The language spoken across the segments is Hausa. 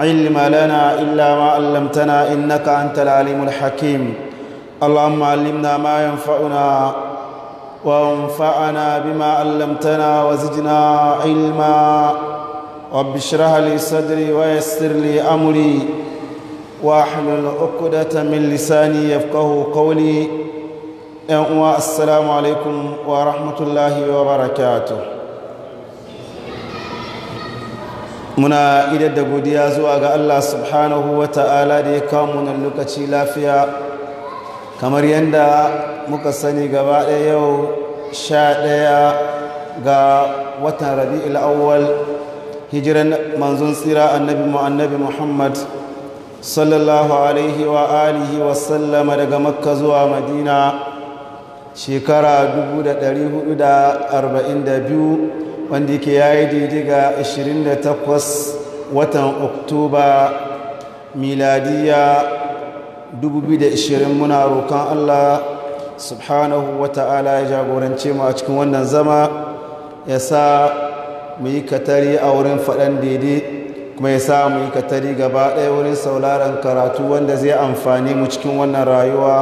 علم لنا إلا ما علمتنا إنك أنت العليم الحكيم اللهم علمنا ما ينفعنا وانفعنا بما علمتنا وزدنا علما رب اشرح لي صدري ويسر لي أمري واحلل عقدة من لساني يفقه قولي السلام عليكم ورحمة الله وبركاته muna idar da godiya zuwa ga Allah subhanahu wa ta'ala da ya kawo nan lokaci lafiya kamar yadda muka sani gaba ɗaya yau sha ɗaya ga watan rabi'ul awwal hijiran manzon tsira annabi mu annabi muhammad sallallahu alaihi wa alihi wa sallama daga makka zuwa madina shekara biyu. wanda yake ya yi daidai ga 28 watan oktoba miladiya 2020 muna roƙon allah subhanahu wa ta'ala ya jagorance mu a cikin wannan zama ya sa mu yi katari a wurin faɗan daidai kuma ya sa mu yi katari gaba ɗaya wurin sauraron karatu wanda zai amfani mu cikin wannan rayuwa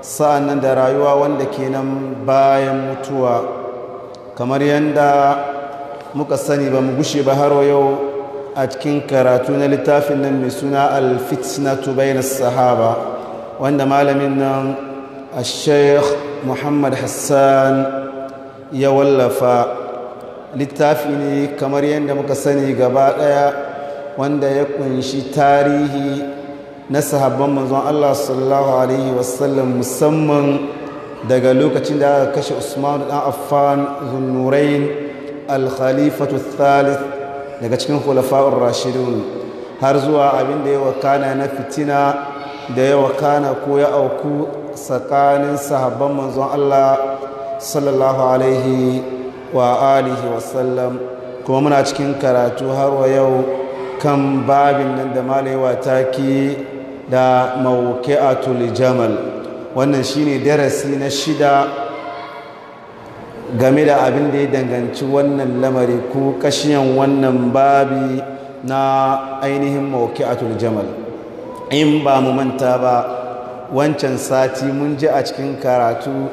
sa'an nan da rayuwa wanda ke nan bayan mutuwa kamar yadda muka sani ba mu gushe ba haro yau a cikin karatu na littafin nan mai suna alfitnatu bayan sahaba wanda malamin nan a sheikh muhammad hassan ya wallafa littafi ne kamar yadda muka sani gaba daya wanda ya kunshi tarihi na sahabban manzon allah sallallahu alaihi wasallam musamman daga lokacin da aka kashe usman dan affan zunnurain al-khalifatu thalith daga cikin khulafa'ur rashidun har zuwa abin da ya kana na fitina da ya wakana ko ya auku tsakanin sahabban manzon Allah sallallahu alaihi wa alihi kuma muna cikin karatu har wa yau kan babin nan da malewa taki da mawuki'atul jamal wannan shine darasi na shida game da abin da ya danganci wannan lamari ko kashiyan wannan babi na ainihin a jamal in ba mu manta ba wancan sati mun ji a cikin karatu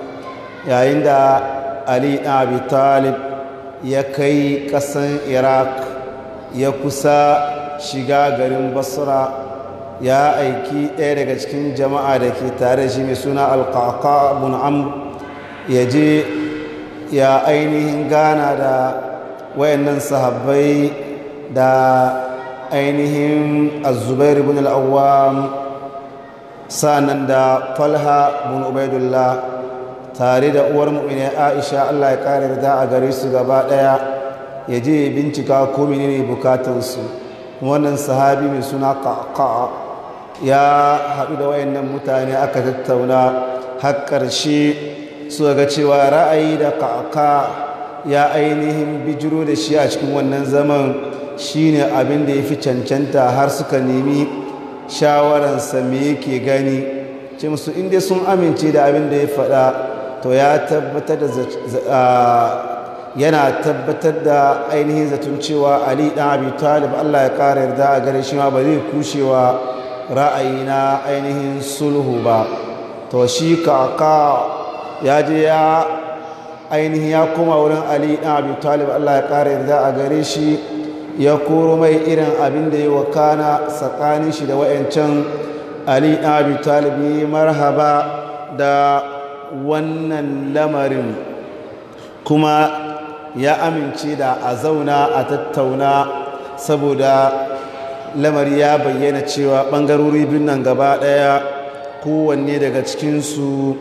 yayin da ali abi talib ya kai kasan iraq ya kusa shiga garin basra ya aiki ɗaya daga cikin jama'a da ke tare shi mai suna alƙaƙa abun amr ya je ya ainihin gana da wayannan sahabbai da ainihin azubair bin al'awwam sa'annan da falha bin ubaidullah tare da uwar mu'ina aisha allah ya ƙara da a gare su gaba ɗaya ya je bincika ko menene bukatansu wannan sahabi mai suna ƙaƙa ya haɗu da wayannan mutane aka tattauna har ƙarshe su ga cewa ra'ayi da ƙaƙa ya ainihin bijiro da shi a cikin wannan zaman shine abin da ya fi cancanta har suka nemi shawararsa me yake gani ce musu inda sun amince da abin da ya faɗa to ya tabbatar da yana tabbatar da ainihin zaton cewa ali ɗan abi talib allah ya ƙara yarda a gare shi ma ba zai kushewa ra'ayina ainihin sulhu ba to shi kaka ya je ya ainihin ya kuma wurin ali ɗan abu talib allah ya ƙara da a gare shi ya koro mai irin abin da wa kana tsakanin shi da wa'ancan ali ɗan abu talib yi marhaba da wannan lamarin kuma ya amince da a zauna a tattauna saboda lamari ya bayyana cewa ɓangarori bin nan gaba ɗaya kowanne daga cikinsu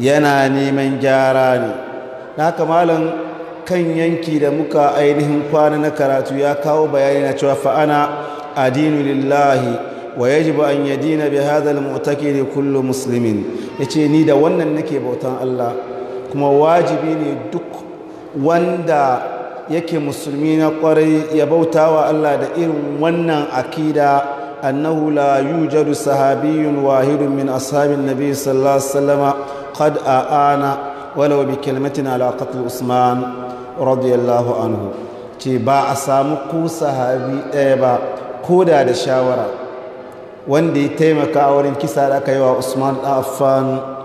yana neman gyara ne na malam kan yanki da muka ainihin kwana na karatu ya kawo bayani na cewa fa'ana adinu lillahi wa yajibu an yadina bi da kullum musulmin,' ya ce ni da wannan nake bautan Allah kuma wajibi ne duk wanda yake musulmi na kwarai ya bauta wa Allah da irin wannan akida annahu la yujadu sahabiyun wahidun min ashabin nabi sallallahu alaihi wasallam qad aana walau bi kalmatin ala qatl usman radiyallahu anhu ce ba a samu ku sahabi ɗaya ba koda da shawara wanda ya taimaka a wurin kisa da aka yi wa usman affan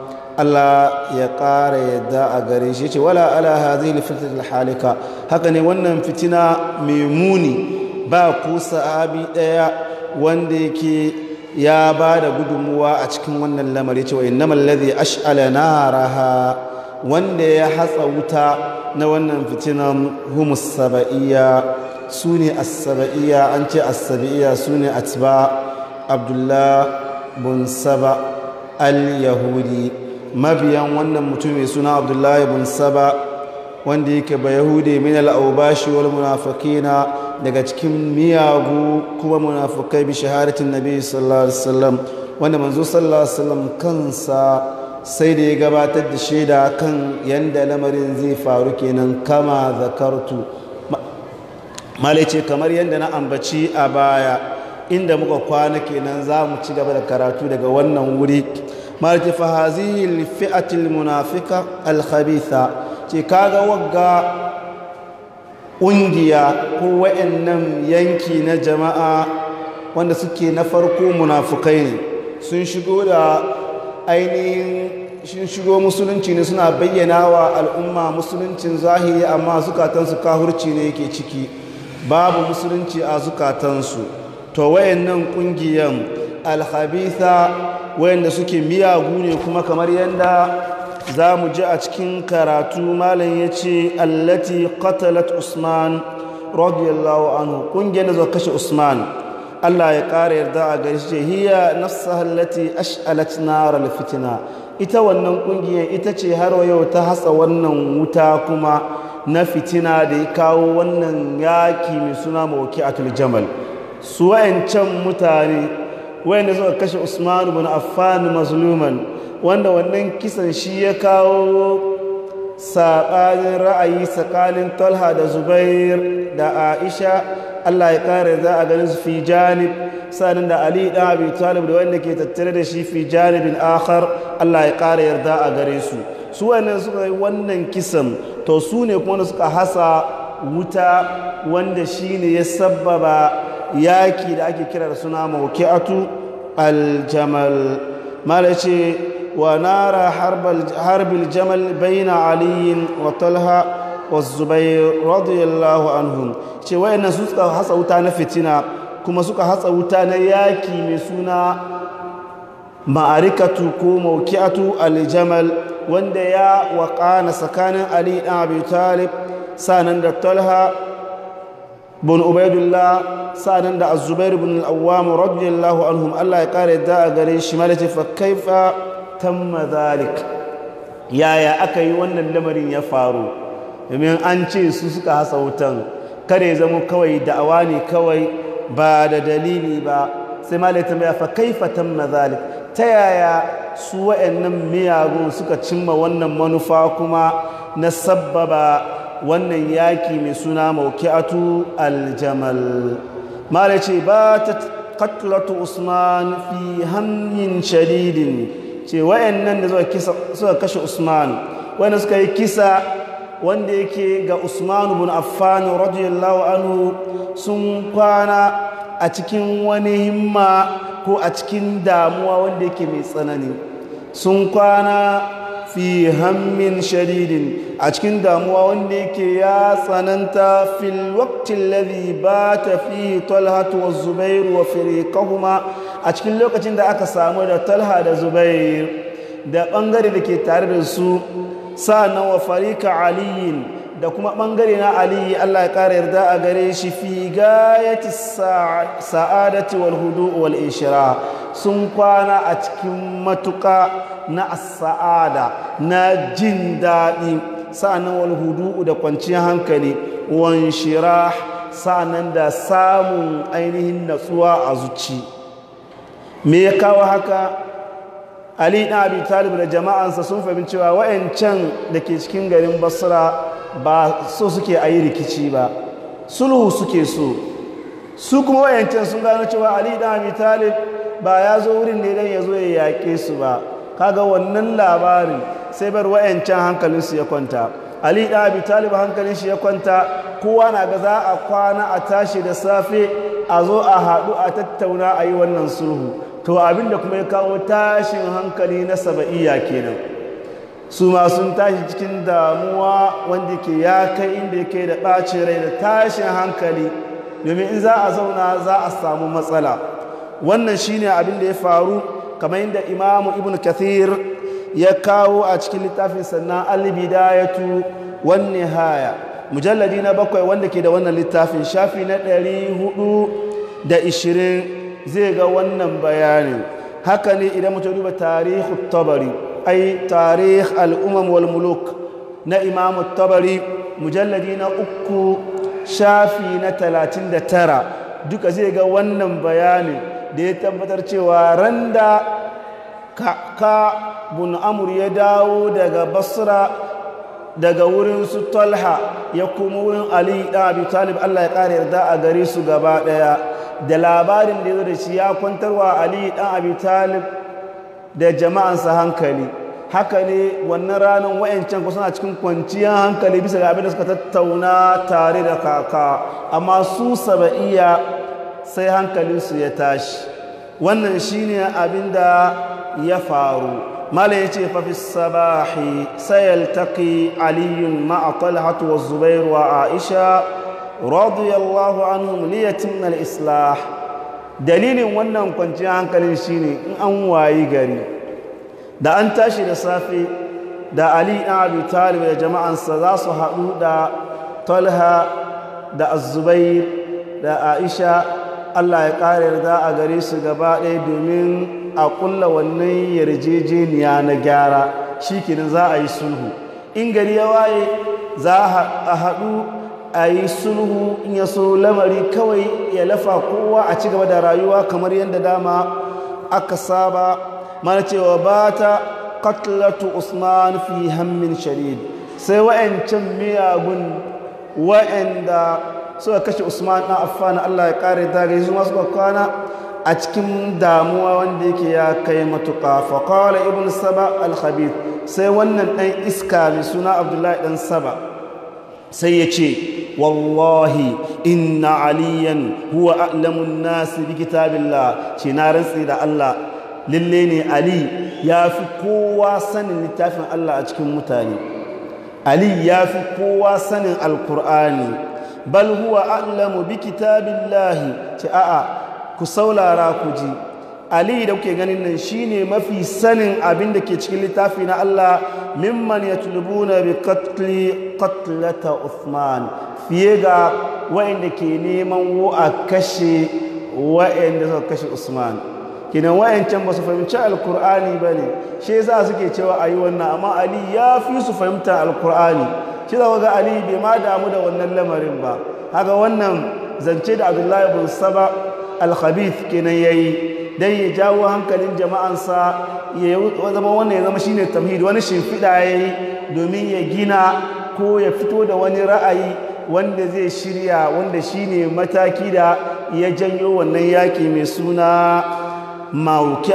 Allah ya ƙara yadda a gare shi ce wala ala hadhihi alfitnat halika haka ne wannan fitina mai muni ba ku sa'abi ɗaya wanda yake ya ba da gudunmuwa a cikin wannan lamari cewa innamal ladhi ash'ala naraha wanda ya hatsa wuta na wannan fitinan humus saba'iyya sune a sabaiyya an ce as-saba'iyya sune atba abdullah bin saba al-yahudi mabiyan wannan mutum mai suna abdullahi bin saba wanda yake ba yahude min al'aubashi wal munafakina daga cikin miyagu kuma munafakai bi shaharatin nabi sallallahu alaihi wasallam wanda manzo sallallahu alaihi wasallam kansa sai da ya gabatar da shaida kan yanda lamarin zai faru kenan kama zakartu malice kamar yadda na ambaci a baya inda muka kwana kenan za mu ci gaba da karatu daga wannan wuri marti fa hazihi munafiqa al khabitha ce kaga wagga ƙungiya ko wayannan yanki na jama'a wanda suke na farko munafukai ne sun shigo da ainihin shin shigo musulunci ne suna bayyana wa al'umma musuluncin zahiri amma zukatansu kahurci ne yake ciki babu musulunci a zukatansu to wayannan kungiyan alhabitha wayanda suke miyagu ne kuma kamar yadda za mu ji a cikin karatu malam ya ce allati qatalat usman radiyallahu anhu kungiyar da zo kashe usman Allah ya ƙara yarda a gari ce hiya nafsa allati ash'alat nar fitina ita wannan kungiyar ita ce har yau ta hasa wannan wuta kuma na fitina da ya kawo wannan yaki mai suna mawaki atul jamal su wayancan mutane wanda suka kashe Usman bin Affan mazluman wanda wannan kisan shi ya kawo saɓanin ra'ayi tsakanin Talha da Zubair da Aisha Allah ya kare za a ganin su fi janib sanin da Ali dan Abi Talib da wanda ke tattare da shi fi janibin akhar Allah ya kare yarda a gare su su wannan suka yi wannan kisan to su ne kuma suka hasa wuta wanda shine ya sabbaba yaki da ake kira da suna mawki'atu aljamal mala ce wa nara harbil jamal baina aliyin watalha wa radiyallahu anhum ce wayannan su suka hatsa wuta na fitina kuma suka hatsa wuta na yaki mai suna ma'arikatu ko Maukiatu aljamal wanda ya waƙana tsakanin ali ɗan abu talib sanan da talha bin ubaidullah nan da azubair bin al'awam radiyallahu anhu. allah ya kare da a gare shi mara ce fa kaifa mazalik. yaya aka yi wannan lamarin ya faru domin an ce su suka hasa wutan kare zama kawai da'awa ne kawai ba da dalili ba sai malai tambaya fa kaifa mazalik. ta yaya su wa'annan miyagun suka cimma wannan manufa kuma na sabbaba wannan yaki mai suna mauki'atu aljamal mala ce ba ta katlatu usman fi hannun shadidin ce nan da suka kashe usman wayanda suka yi kisa wanda yake ga usman bin affan radiyallahu anhu sun kwana a cikin wani himma ko a cikin damuwa wanda yake mai tsanani sun kwana fi hammin shadidin a cikin damuwa wanda yake ya tsananta fil waqtin ba ta fi talhatu wa zubair wa a cikin lokacin da aka samu da talha da zubair da ɓangare da ke tare da su sa wa farika aliyin da kuma ɓangare na aliyu allah ya ƙara yarda a gare shi fi gayati sa'adati wal hudu wal ishira sun kwana a cikin matuƙa na sa'ada na jin daɗi sa'anan wal hudu da kwanciyar hankali wan shira sa'anan da samun ainihin natsuwa a zuci me ya kawo haka ali ɗan abi talib da jama'ansa sun fahimci cewa wa'ancan da ke cikin garin basra ba so suke a yi rikici ba sulhu suke so su kuma wayancan sun gano cewa ali da abi talib ba ya zo wurin ne don ya zo ya yaƙe su ba kaga wannan labarin sai bar wayancan su ya kwanta ali da abi talib hankalin shi ya kwanta kowa na ga za a kwana a tashi da safe a zo a haɗu a tattauna a yi wannan sulhu to abin da kuma ya kawo tashin hankali na saba'iyya kenan su ma sun tashi cikin damuwa wanda ke ya kai inda yake da ɓacin rai da tashin hankali domin in za a zauna za a samu matsala wannan shine abin da ya faru kamar yadda imamu ibn kathir ya kawo a cikin littafin sannan albidayatu wan nihaya mujalladi na bakwai wanda ke da wannan littafin shafi na ɗari hudu da ishirin zai ga wannan bayanin haka ne idan mutum duba tarihi tabari ai tarih al'umam wal muluk na imamu tabari mujalladi na uku shafi na talatin da tara duka zai ga wannan bayanin da ya tabbatar cewa randa ka bun amur ya dawo daga basra daga wurin su talha ya kuma wurin ali da abu talib allah ya ƙara yarda a gari su gaba ɗaya da labarin da ya zo da shi ya kwantarwa ali dan abu talib da jama'ansa hankali haka ne wannan ranar wayancan suna cikin kwanciyar hankali bisa ga abin da suka tattauna tare da kaka amma su saba'iya sai hankalinsu ya tashi wannan shine abin da ya faru mala ya ce fafi sabahi sayaltaki aliyun ma'a talhatu wa zubairu wa aisha radiyallahu anhum liyatin al-islah dalilin wannan kwanciyar hankalin shi ne in an wayi gari da an tashi da safe da ali ɗan abu talib da jama'ansa za su haɗu da talha da azubair da aisha allah ya ƙara yarda a gare su gaba ɗaya domin a ƙulla wannan yarjejeniya na gyara shi za a yi sulhu in gari ya waye za a haɗu a yi sulhu in ya so lamari kawai ya lafa kowa a ci gaba da rayuwa kamar yadda dama aka saba mana cewa ba ta katlatu usman fi hammin sharid sai wa'ancan miyagun wa'anda suka kashe usman na allah ya kare daga su masu kwana a cikin damuwa wanda yake ya kai matuƙa faƙawar ibn saba al-khabib sai wannan ɗan iska mai suna abdullahi ɗan saba sai ya ce wallahi inna aliyan huwa a'lamun nasi bi kitabillah na rantsi da Allah lalle ne ali ya fi kowa sanin littafin Allah a cikin mutane ali ya fi kowa sanin alkur'ani bal huwa a'lamu bi kitabillah a'a ku saulara ku ji ali da kuke ganin nan shine mafi sanin abinda ke cikin littafi na Allah mimman yatlubuna bi qatli qatlata fiye ga wa'inda ke neman wo a kashe wa'inda suka kashe usman kinan wa'ancan ba su fahimci alkur'ani ba ne shi za suke cewa a yi wannan amma ali ya fi su fahimta alkur'ani shi za ga ali bai ma damu da wannan lamarin ba haka wannan zance da abdullahi bin saba alhabith kenan ya yi don ya jawo hankalin jama'ansa ya zama wannan ya zama shi ne tamhid wani shimfiɗa ya yi domin ya gina ko ya fito da wani ra'ayi wanda zai shirya wanda shine mataki da ya janyo wannan yaƙi mai suna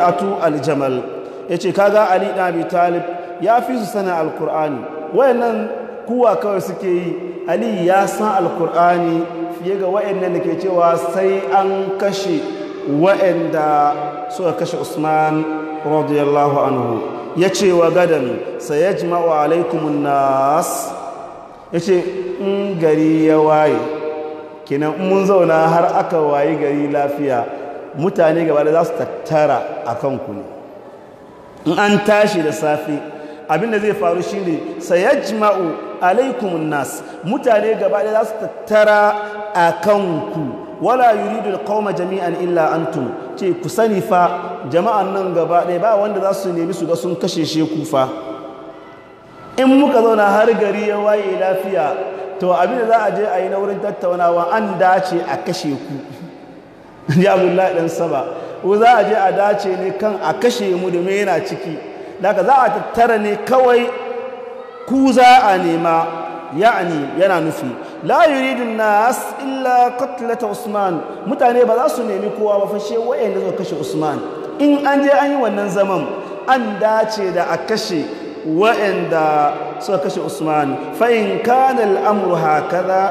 atu aljamal yace kaga ali da abi talib ya fi su sana alqur'ani wayannan kuwa kawai suke yi ali ya san alkur'ani fiye ga wayannan da ke cewa sai an kashe wayanda suka kashe usman radiyallahu anhu ce wa gadan wa alaikumun nas ya ce in gari ya waye kenan mun zauna har aka waye gari lafiya mutane gaba da za su tattara a kanku ne in an tashi da safe abinda zai faru shi ne sayajma'u alaikumun nas mutane gaba da za su tattara a kanku wala yuridu alqawma jami'an illa antum ce ku sani fa jama'an nan gaba ɗaya ba wanda za su nemi su ga sun kashe sheku fa in muka zauna har gari ya waye lafiya to abin da za a je a yi na wurin tattaunawa an dace a kashe ku ji abdullahi dan saba ko za a je a dace ne kan a kashe mu da yana ciki daga za a tattara ne kawai ku za a nema ya'ani yana nufi la yuridu nas illa qatlata usman mutane ba za su nemi kowa ba fashe wayanda suka kashe usman in an je an yi wannan zaman an dace da a kashe wa'anda suka kashe usman fa'in Amur haka za,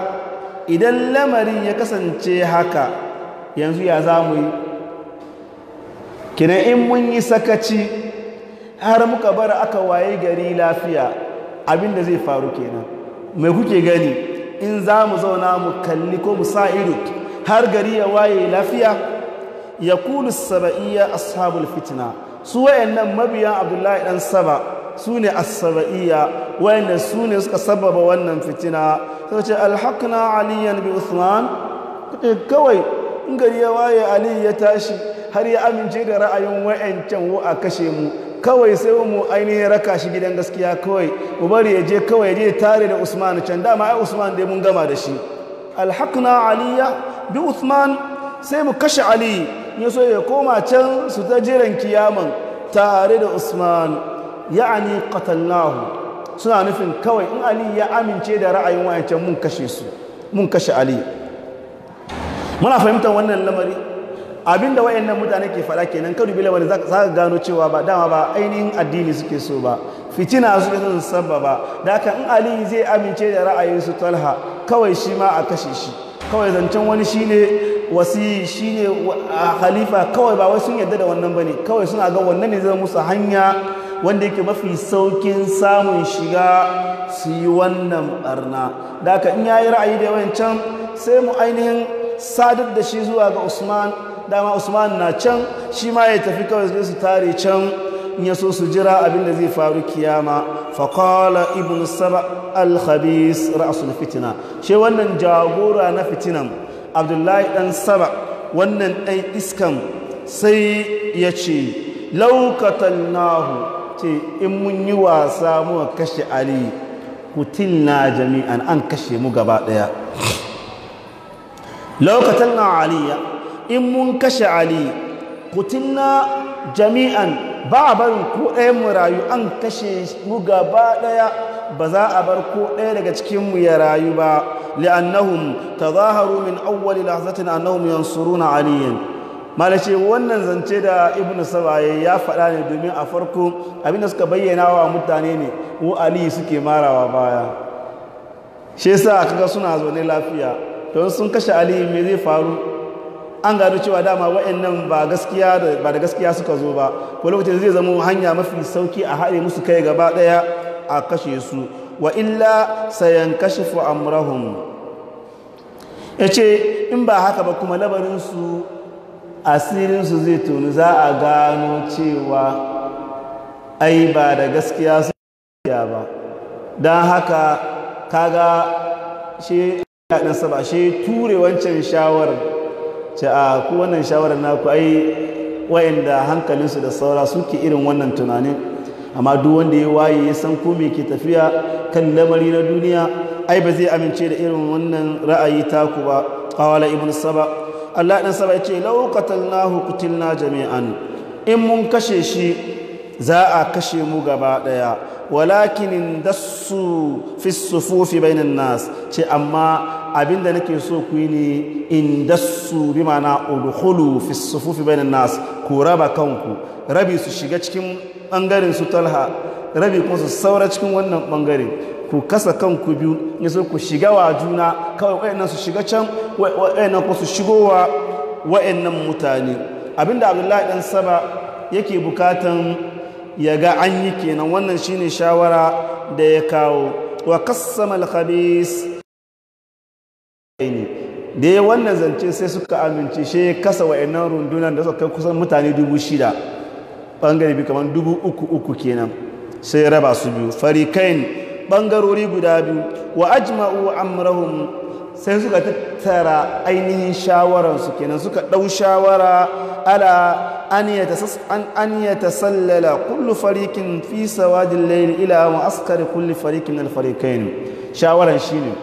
idan lamarin ya kasance haka yanzu ya za mu yi kina in mun yi sakaci har muka bar aka waye gari lafiya abinda zai faru kenan mai kuke gani in za mu zauna mu kalli ko mu sa ido har gari ya waye lafiya ya kulu saba'iyya ashabul fitna su wayannan mabiya abdullahi dan saba su ne asaba'iyya wayanda su ne suka sababa wannan fitina sai ce alhaqna aliyan bi usman kawai in gari ya waye ali ya tashi har ya amince da ra'ayin wayancan wo a kashe mu kawai sai mu ainihin raka shi gidan gaskiya kawai mu bari ya je kawai ya je tare da usman can dama ai usman dai mun gama da shi alhaqna aliya bi usman sai mu kashe Aliyu. ya so ya koma can su ta jiran kiyaman tare da usman ya'ani Qatallahu suna nufin kawai in ali ya amince da ra'ayin wayancan mun kashe su mun kashe ali muna fahimtar wannan lamari abinda wayannan mutane ke faɗa kenan ka bi lamari za ka gano cewa ba dama ba ainihin addini suke so ba fitina suke sun sababa da haka in ali zai amince da ra'ayin su talha kawai shi ma a kashe shi kawai zancen wani shine wasi shine khalifa kawai ba wai sun yarda da wannan bane kawai suna ga wannan ne zai musu hanya wanda yake mafi saukin samun shiga su yi wannan barna da aka in yayi ra'ayi da can sai mu ainihin sadar da shi zuwa ga usman dama usman na can shi ma ya tafi kawai zai su tare can in ya so su jira abin da zai faru kiyama faƙala ibn saba al-khabis ra'asul fitina shi wannan jagora na fitinan abdullahi ɗan saba wannan ɗan iskan sai ya ce laukatan nahu ce in mun yi wasa muka kashe ali na jami'an an kashe mu gaba daya lokacin na aliya in mun kashe ali na jami'an ba a barin ko ɗayan mu rayu an kashe mu gaba daya ba za a bar ko ɗaya daga cikinmu ya rayu ba li'annahum tazaharu min awwali lahzatin annahum yansuruna aliyan malashe wannan zance da ibn sabaye ya faɗa ne domin a farko abin da suka bayyana wa mutane ne ko ali suke marawa baya shi yasa kaga suna zaune lafiya don sun kashe ali me zai faru an gano cewa dama wa'annan ba gaskiya ba da gaskiya suka zo ba ko lokacin zai zama hanya mafi sauki a haɗe musu kai gaba ɗaya a kashe su wa illa sayankashifu amrahum yace in ba haka ba kuma labarin su asirinsu zai tuni za a gano cewa ai ba da gaskiya su ba don haka kaga shi ɗansa ba shi ture wancan shawar. ce a ku wannan shawarar naku ai wayanda hankalinsu da saura suke irin wannan tunanin amma duk wanda ya waye ya san ko me ke tafiya kan lamari na duniya ai ba zai amince da irin wannan ra'ayi taku ba qala ibn saba Allah dan saba yace na hukutun na jami'an in mun kashe shi za a kashe mu gaba walakinin da su fi sufufi bainan nas ce amma abinda nake so ku yi ne in su bi ma'ana ulhulu fi sufufi bainan nas ku raba kanku rabi su shiga cikin bangaren su talha rabi kuma su saura cikin wannan bangare ku kasa kanku biyu ya so ku shiga wa juna kawai wayannan su shiga can wayannan ku su shigo wa wayannan mutane abinda abdullahi dan saba yake bukatan ya ga an yi kenan wannan shine shawara da ya kawo wa qassama al-khabis da ya wannan zance sai suka amince shi ya kasa wa'annan rundunan da suka kai kusan mutane dubu shida ɓangare bi kamar dubu uku uku kenan sai raba su biyu farikain Bangarori guda biyu wa ajma'u amrahum sai suka tattara ainihin shawararsu kenan suka ɗau shawara ala an ya tasallala kullu farikin fi sawadin laili ila wa askari kulli farikin alfarikain shawaran shi ne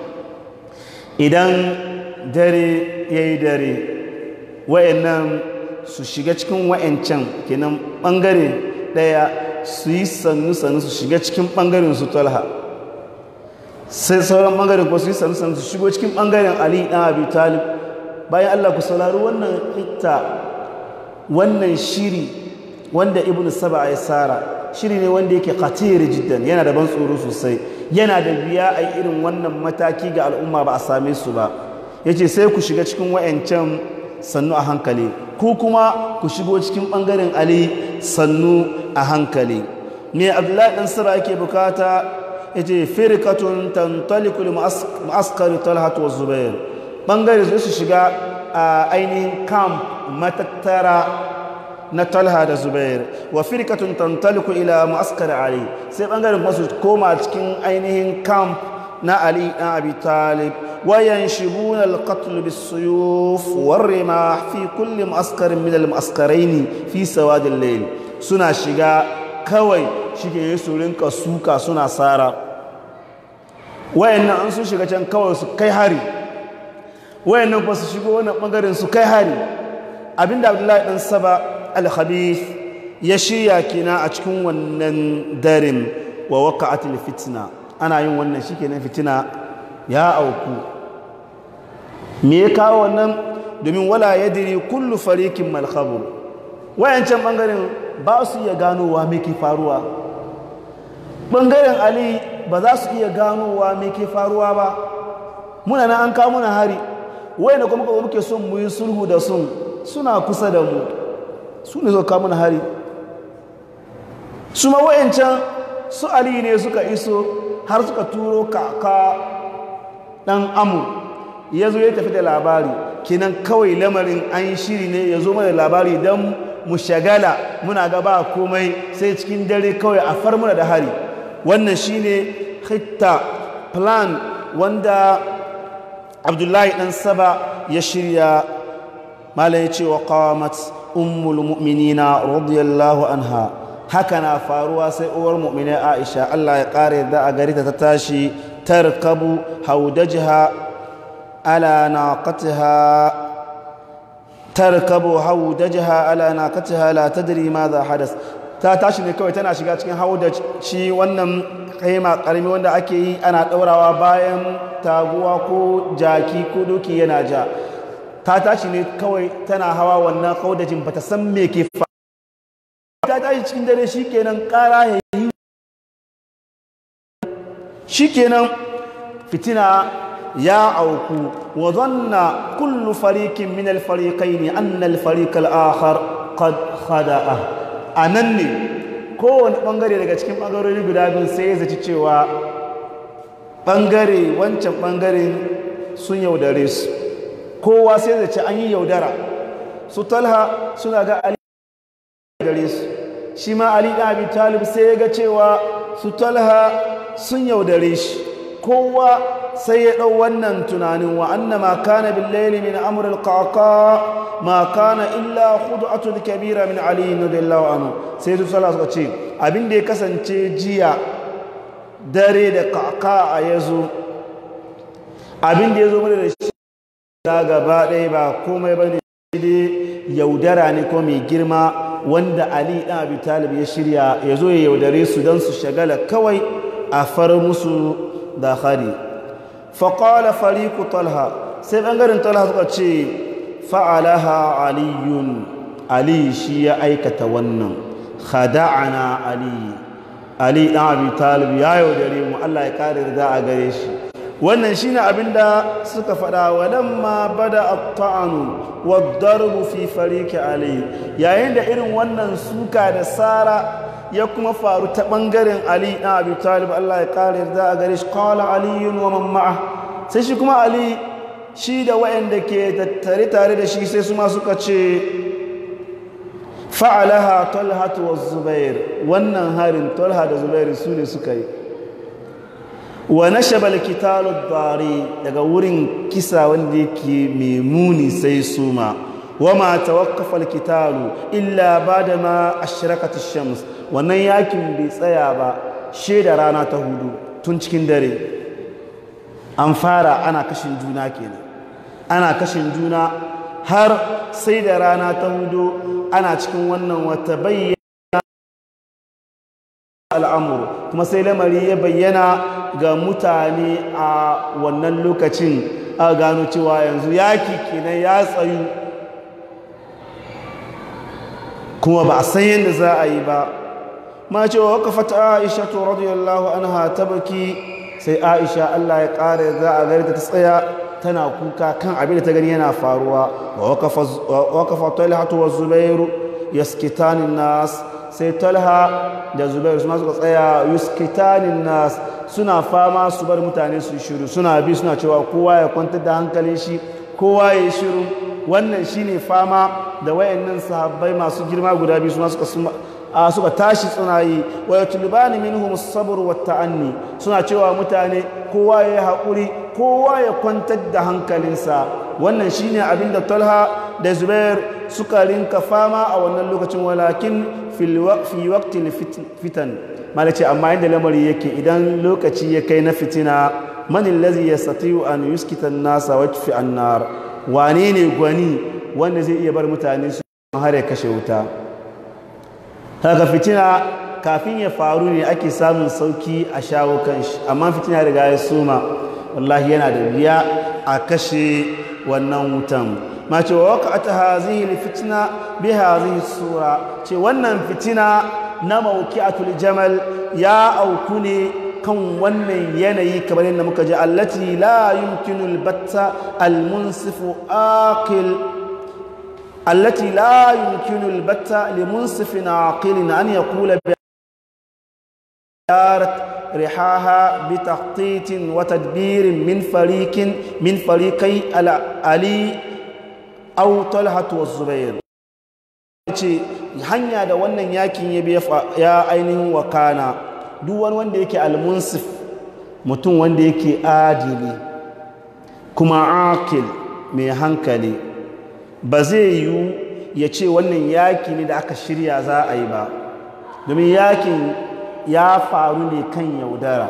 idan dare ya yi dare wayannan su shiga cikin wayancan kenan ɓangare ɗaya su yi sannu sannu su shiga cikin bangaren su talha sai sauran bangaren ba su yi sansan su shigo cikin bangaren ali ɗan abu talib bayan allah ku saurari wannan ita wannan shiri wanda ibn saba ya tsara shiri ne wanda yake katiri jiddan yana da ban tsoro sosai yana da biya a irin wannan mataki ga al'umma ba a same su ba ya ce sai ku shiga cikin wa'ancan sannu a hankali ku kuma ku shigo cikin bangaren ali sannu a hankali me abdullahi ɗan sara yake bukata yace firkatun tantalikul ma'askari talhat wa zubair bangare su shiga a ainihin camp matattara na talha da zubair wa firqatun tantaliqu ila ma'askari ali sai bangaren masu koma cikin ainihin camp na ali Ɗan abi talib وينشبون القتل بالسيوف والرماح في كل معسكر من المعسكرين fi سواد الليل suna shiga kawai. shi ke rinka suka suna tsara wayannan an sun shiga can kawai su kai hari wayannan ba su shigo wannan ɓangaren su kai hari abinda abdullahi ɗan saba alhabis ya shirya kina a cikin wannan darin wa waka'atul fitina ana yin wannan shi kenan fitina ya auku me ya kawo wannan domin wala ya diri kullu farikin malhabu wayancan bangaren ba su iya ganowa ke faruwa ɓangaren ali ba za su iya ganowa mai ke faruwa ba muna na an kawo muna hari na kuma kuma muke son mu yi sulhu da sun suna kusa da mu su ne suka kawo muna hari su ma wayancan su ali ne suka iso har suka turo kaka ɗan amu ya zo ya tafi da labari kenan kawai lamarin an shiri ne ya zo mana labari don mu shagala muna gaba komai sai cikin dare kawai a farmuna da hari wannan shine hitta plan wanda abdullahi dan saba ya shirya mala ce wa kawamat ummul mu'minina radiyallahu anha haka na faruwa sai uwar mu'mina aisha Allah ya kare da a gari ta tashi tarkabu haudajha ala naqatiha تركب هودجها على ناقتها لا تدري ta tashi ne kawai tana shiga cikin hau da shi wannan kaima karmi wanda ake yi ana ɗaurawa bayan taguwa ko jaki ko doki yana ja ta tashi ne kawai tana hawa wannan hau da jin bata san me ke fa ta tashi cikin dare shi kenan ƙara ya yi shi kenan fitina ya auku wa zanna kullu fariqin min al ne, an al-fariq al-akhar qad a nan ne kowane ɓangare daga cikin ɓangarori guda biyu sai ya zaci cewa ɓangare wancan ɓangaren sun yaudare su kowa sai zaci an yi yaudara su talha suna ga ali gare su shi ma ali abi talib sai ya ga cewa su talha sun yaudare shi kowa sai ya ɗau wannan tunanin wa an na annama bin billaili min amr kaka, ma na illa khud'atu kabira min da radiyallahu anhu sai su sallah suka ce abin ya kasance jiya dare da kaka a yazo Abinda da zo mada da shi gaba ɗaya ba komai bane dai yaudara ne ko mai girma wanda ali ɗan abi talib ya shirya ya zo ya yaudare su don su shagala kawai a far musu da fa faƙala fariku talha sai ɓangaren talha suka ce fa'alaha aliyun ali shi ya aikata wannan khada'ana ali ali ɗan abi talib ya yi yaudare mu allah ya kare da a gare shi wannan shine da suka fada walamma bada at-ta'anu wad-darbu fi fariki ali yayin da irin wannan suka da sara ya kuma faru ta ɓangaren ali na abu talib allah ya ƙara yarda a gare shi ƙala aliyun wa mamma'a sai shi kuma ali shi da wa'anda ke tattare tare da shi sai su masu suka ce fa'alaha Tolhatu wa zubair wannan harin talha da zubair su ne suka yi wa nashaba alkitalu dari daga wurin kisa wanda yake mai muni sai su ma wama tawaqqafa alkitalu illa bada ma ashrakat ash-shams wannan yakin bai tsaya ba shaida rana ta hudu tun cikin dare an fara ana kashin juna kenan ana kashin juna har sai da rana ta hudu ana cikin wannan wata bayyana al'amur kuma sai lamari ya bayyana ga mutane a wannan lokacin a gano cewa yanzu yaki kenan ya tsayu kuma ba a san yadda za a yi ba ma waka fata aisha to radiyallahu anha tabaki sai aisha Allah ya kare za a gari ta tsaya tana kuka kan abin da ta gani yana faruwa waka wakafa ila wa zubairu skitanin nas sai talha da zubairu su suka tsaya yaskitanin nas suna fama su bar mutane su shiru suna bi suna cewa kowa ya kwantar da hankalin shi kowa ya shiru wannan shine fama da wayannan sahabbai masu girma guda biyu su a suka tashi suna yi wa minhum as-sabr wa ta'anni suna cewa mutane kowa ya haƙuri kowa ya kwantar da hankalinsa wannan shine abin da Talha da Zubair suka rinka fama a wannan lokacin walakin fi waqtil fitan malace amma inda lamari yake idan lokaci ya kai na fitina man allazi yastati'u an yuskita an-nasa wa yutfi an-nar wane ne gwani wanda zai iya bar mutane su har ya kashe wuta haka fitina kafin ya faru ne ake samun sauki a shawo kan shi amma fitina riga ya suma wallahi yana da biya a kashe wannan wutan ma ce wa waka ta hazihi fitina bi hazihi sura ce wannan fitina na mauki atul jamal ya auku ne kan wannan yanayi kamar yadda muka ji allati la almunsifu aqil التي لا يمكن البتة لمنصف عاقل أن يقول بارت رحاها بتخطيط وتدبير من فريق من فريقي علي أو طلحة والزبير hanya da wannan yakin ya ya ainihin wakana duk wani wanda yake almunsif mutum wanda yake adili kuma akil mai hankali ba zai yiwu ya ce wannan yaki ne da aka shirya za a yi ba domin yakin ya faru ne kan yaudara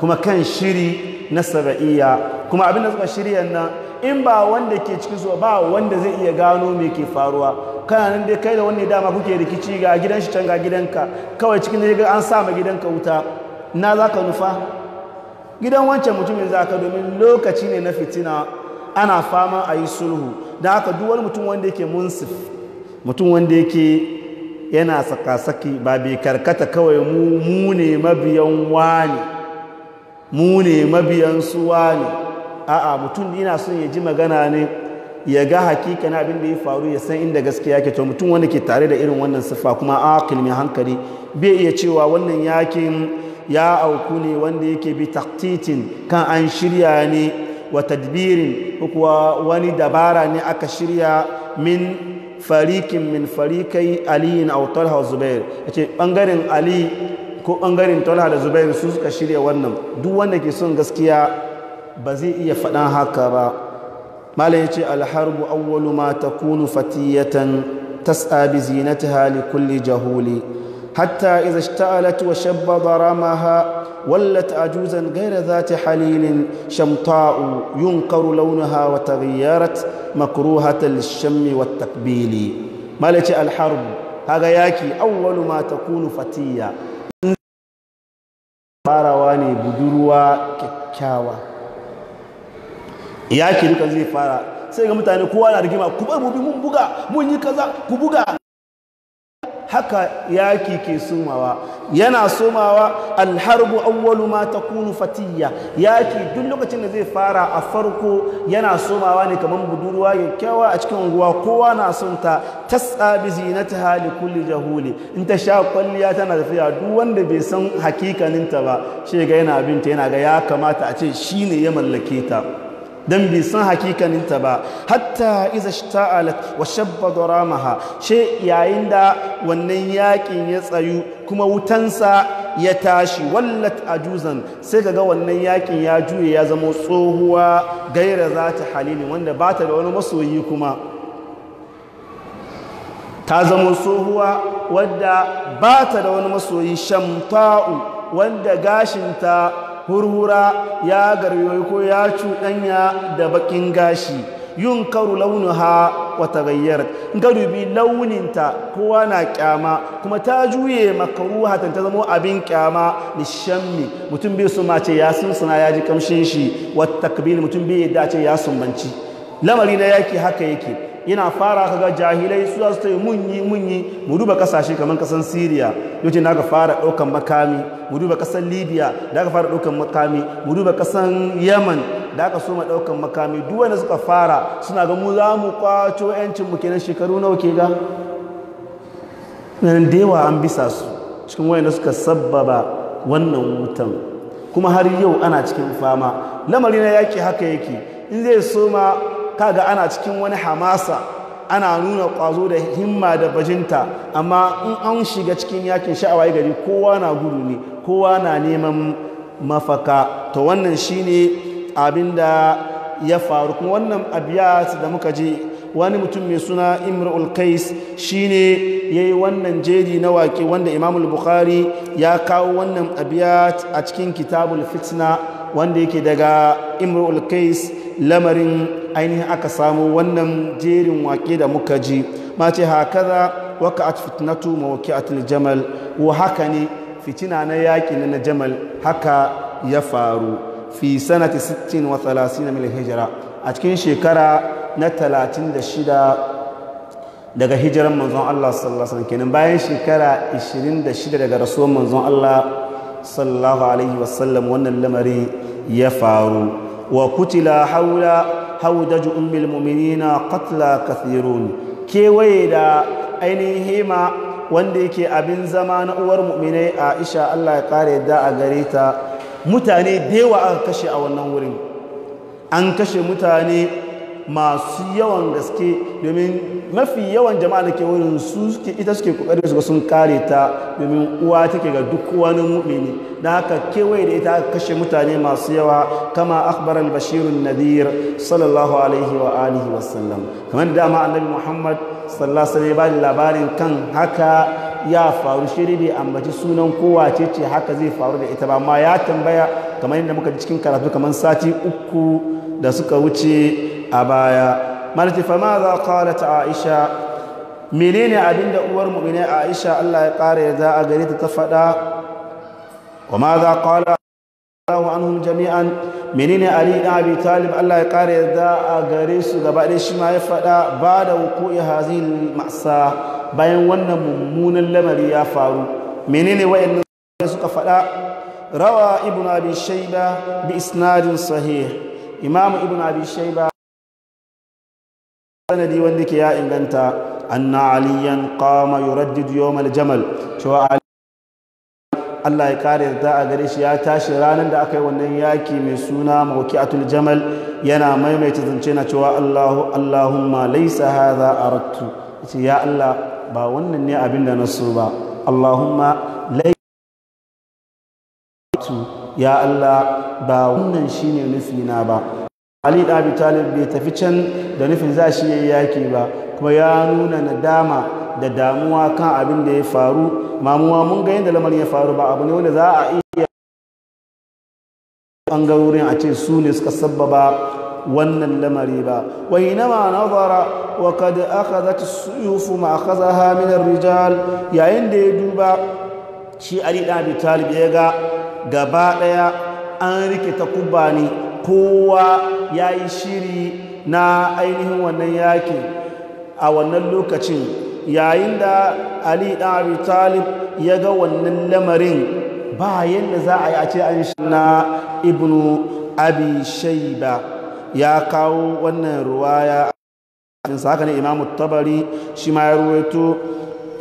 kuma kan shiri na sara'iyya kuma abinda suka shirya nan in ba wanda ke cikin su ba wanda zai iya gano mai ke faruwa kana nan dai kai da wanne dama kuke rikici ga gidan shi can ga gidanka kawai cikin da an sa ma gidanka wuta na za ka nufa gidan wancan mutumin za ka domin lokaci ne na fitina ana fama a yi sulhu da haka duk wani mutum wanda yake munsif mutum wanda yake yana sakasaki ba bai karkata kawai mu ne mabiyan wani mu ne mabiyan su wani a'a mutum yana son ya ji magana ne ya ga hakika na abin da ya faru ya san inda gaskiya ke to mutum wanda ke tare da irin wannan siffa kuma aqil mai hankali bai iya cewa wannan yakin ya auku ne wanda yake bi taktitin kan an shirya ne wa tadbirin kuwa wani dabara ne aka shirya min farikin min farikai aliyin a talha zubair a ce ɓangaren ali ko ɓangaren talha da zubair su suka shirya wannan duk wanda ke son gaskiya ba zai iya faɗan haka ba malam ya ce alharbu awwalu ma kunu fatiyatan tas'a bi zinata halikulli kulli jahuli hatta iza ishta'alat wa shabba ramaha ولت عجوزا غير ذات حليل شمطاء ينكر لونها وتغيرت مكروهة للشم والتقبيل مالك الحرب هذا ياكي أول ما تكون فتية فارواني بدروا ككاوا ياكي duka فارا fara sai رجيما mutane kowa na rigima ku haka yaki ke sumawa yana sumawa alharbu awwalu ma takunu fatiya yaki duk lokacin da zai fara a farko yana sumawa ne kamar budurwa kyakkyawa a cikin unguwa kowa na son ta tas'a bi zinataha li kulli jahuli in ta sha kwalliya tana tafiya duk wanda bai san hakikaninta ba shi ga yana binta yana ga ya kamata a ce shine ya mallake ta dan bai san hakikaninta ba hatta iza shta'alat wa shabba daramaha she yayin da wannan yakin ya tsayu kuma wutansa ya tashi wallat ajuzan sai kaga wannan yakin ya juye ya zama tsohuwa gaira za ta halili wanda ba ta da wani masoyi kuma ta zama tsohuwa wadda ba ta da wani masoyi shamta'u wanda gashinta hurhura ya garyoyi ko ya cuɗanya da bakin gashi yun karu launuha wata gayyar gadubi launinta kowa na kyama kuma ta juye makaruhatan ta zama abin kyama nishammi mutum bai su mace ya sun suna ya ji kamshin shi wata kabili mutum bai yadda ce ya sumbanci lamari na yaki haka yake yana fara ga jahilai su za su yi munyi munyi mu duba kasashe kamar kasan Syria yau da aka fara daukan makami mu duba kasan Libya da aka fara daukan makami mu duba kasan Yemen da aka soma daukan makami duk wanda suka fara suna ga mu za mu kwaco yancin mu kenan shekaru nawa ke ga nan da an bisa su cikin wayanda suka sabbaba wannan wutan kuma har yau ana cikin fama lamari na yaki haka yake in zai soma kaga ana cikin wani hamasa ana nuna ƙwazo da himma da bajinta amma in an shiga cikin yakin sha'awa gari kowa na gudu ne kowa na neman mafaka to wannan shine abin da ya faru kuma wannan abiyat da muka je wani mutum mai suna shi qais shine yayi wannan jeri na waƙe wanda imam bukhari ya kawo wannan abiyat a cikin kitabul fitna wanda yake daga imrul qais lamarin ainihin aka samu wannan jerin wake da muka ji ma ce haka za waka at fitnatu mawqi'atul jamal wa haka ne fitina na yaƙi na jamal haka ya faru fi sanati na min hijira a cikin shekara na 36 daga hijiran manzon Allah sallallahu alaihi wasallam bayan shekara 26 daga rasuwan manzon Allah sallallahu alaihi wasallam wannan lamari ya faru وقتل حول هودج أم المؤمنين katla كثيرون kewaye da ainihi ma wanda yake abin zama na uwar mu'minai a isha Allah ya kare da a gare ta mutane da yawa aka kashe a wannan wurin an kashe mutane masu yawan gaske domin mafi yawan jama'a da ke wurin su suke ita suke kokari su sun kare ta domin uwa take ga duk wani mu'mini da haka kewaye da ita kashe mutane masu yawa kama akbaran al-bashir nadir sallallahu alaihi wa alihi wa sallam kamar da dama annabi muhammad sallallahu alaihi wa labarin kan haka ya faru shiri bai ambaci sunan kowa ce ce haka zai faru da ita ba amma ya tambaya kamar yadda muka cikin karatu kamar sati uku da suka wuce a baya martifa ma za qalat aisha menene abinda uwar aisha Allah ya kare za a gare ta ta fada wa ma za Allahu anhum jami'an menene Ali ibn Abi Talib Allah ya kare da a gare su gaba shi ma ya ba da wuku'i hazil masa bayan wannan mummunan lamari ya faru menene wayannan suka faɗa rawa ibn Abi Shayba bi isnadin sahih Imam ibn Abi Shayba sanadi wanda ke ya inganta anna aliyan qama yuraddidu yawm al-jamal cewa Allah ya kare da a gare shi ya tashi ranar da aka yi wannan yaki mai suna mawki'atul jamal yana maimaita zance na cewa Allahu Allahumma laysa hadha aradtu ce ya Allah ba wannan ne abin da na so ba Allahumma laysa ya Allah ba wannan shine nufi na ba ali da abi talib bai tafi can da nufin za shi yayi yaki ba kuma ya nuna nadama da damuwa kan abin da ya faru mamuwa mun ga yadda lamarin ya faru ba abu ne wanda za a iya ɓangarorin a ce su ne suka sababa wannan lamari ba wainama nazara wa kad akhadhat as-suyuf ma akhadhaha min ar-rijal yayin da ya duba shi Ali da Abi Talib ya ga gaba daya an rike takubba ne kowa ya yi shiri na ainihin wannan yakin a wannan lokacin yayin da ali ɗan abi talib ya ga wannan lamarin ba yadda za a yi a ce an shi na ibnu abi shaiba ya kawo wannan ruwaya a haka ne imamu tabari shi ma ya ruwaito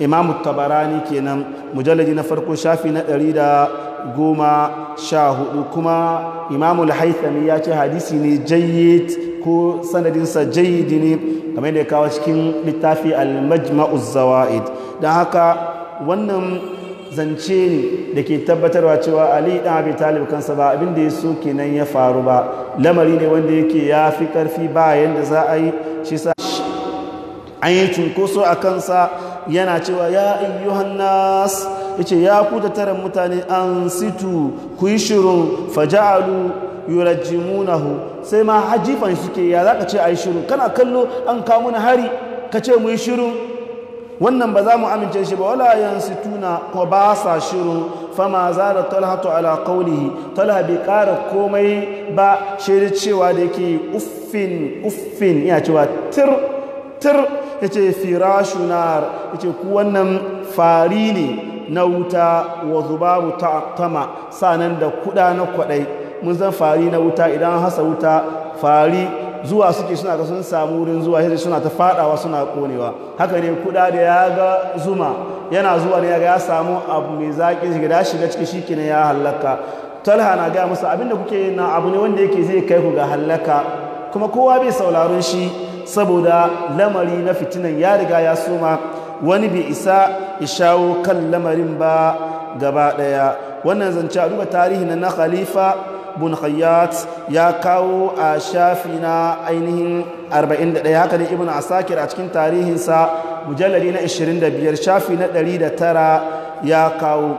imamu tabarani kenan mujallaji na farko shafi na ɗari da goma sha hudu kuma imamul haithami ya ce hadisi ne jayyid ko sanadinsa jayyidi ne kamar da ya kawo cikin littafi al-majma'u zawaid don haka wannan zance ne da ke tabbatarwa cewa ali dan abi talib kansa ba abin da ya so kenan ya faru ba lamari ne wanda yake ya fi karfi bayan da za a yi shi sa an yi cunkoso a kansa yana cewa ya ayyuhan nas yace ya ku tattaran mutane an situ ku yi shirin faja'alu jimunahu sai ma hajifan suke ya zaka ce ai shirin kana kallo an kawo mana hari ka ce mu yi shirin wannan ba za mu amince shi ba wala yansituna ko ba sa shirin fama zara talhatu ala qawlihi talha bai kara komai ba shirin cewa da yake uffin uffin ya cewa tir tir ya ce na ya ce ku wannan fari ne na wuta wa zubabu ta'attama sanan da kuɗa na kwaɗai mun zan fari na wuta idan hasa wuta fari zuwa suke suna ga sun samu wurin zuwa sai suna ta fadawa suna konewa haka ne kuda da ya ga zuma yana zuwa ne ya samu abu mai zaƙi shiga da shiga ciki kenan ya halaka talha na gaya musu abinda kuke na abu ne wanda yake zai kai ku ga halaka kuma kowa bai sauraron shi saboda lamari na fitinan ya riga ya suma wani bai isa ya shawo kan lamarin ba gaba daya wannan zance a duba tarihi na khalifa bin khayyat ya kawo a shafi na ainihin 41 haka ne ibn asakir a cikin tarihinsa mujallari na 25 shafi na 109 ya kawo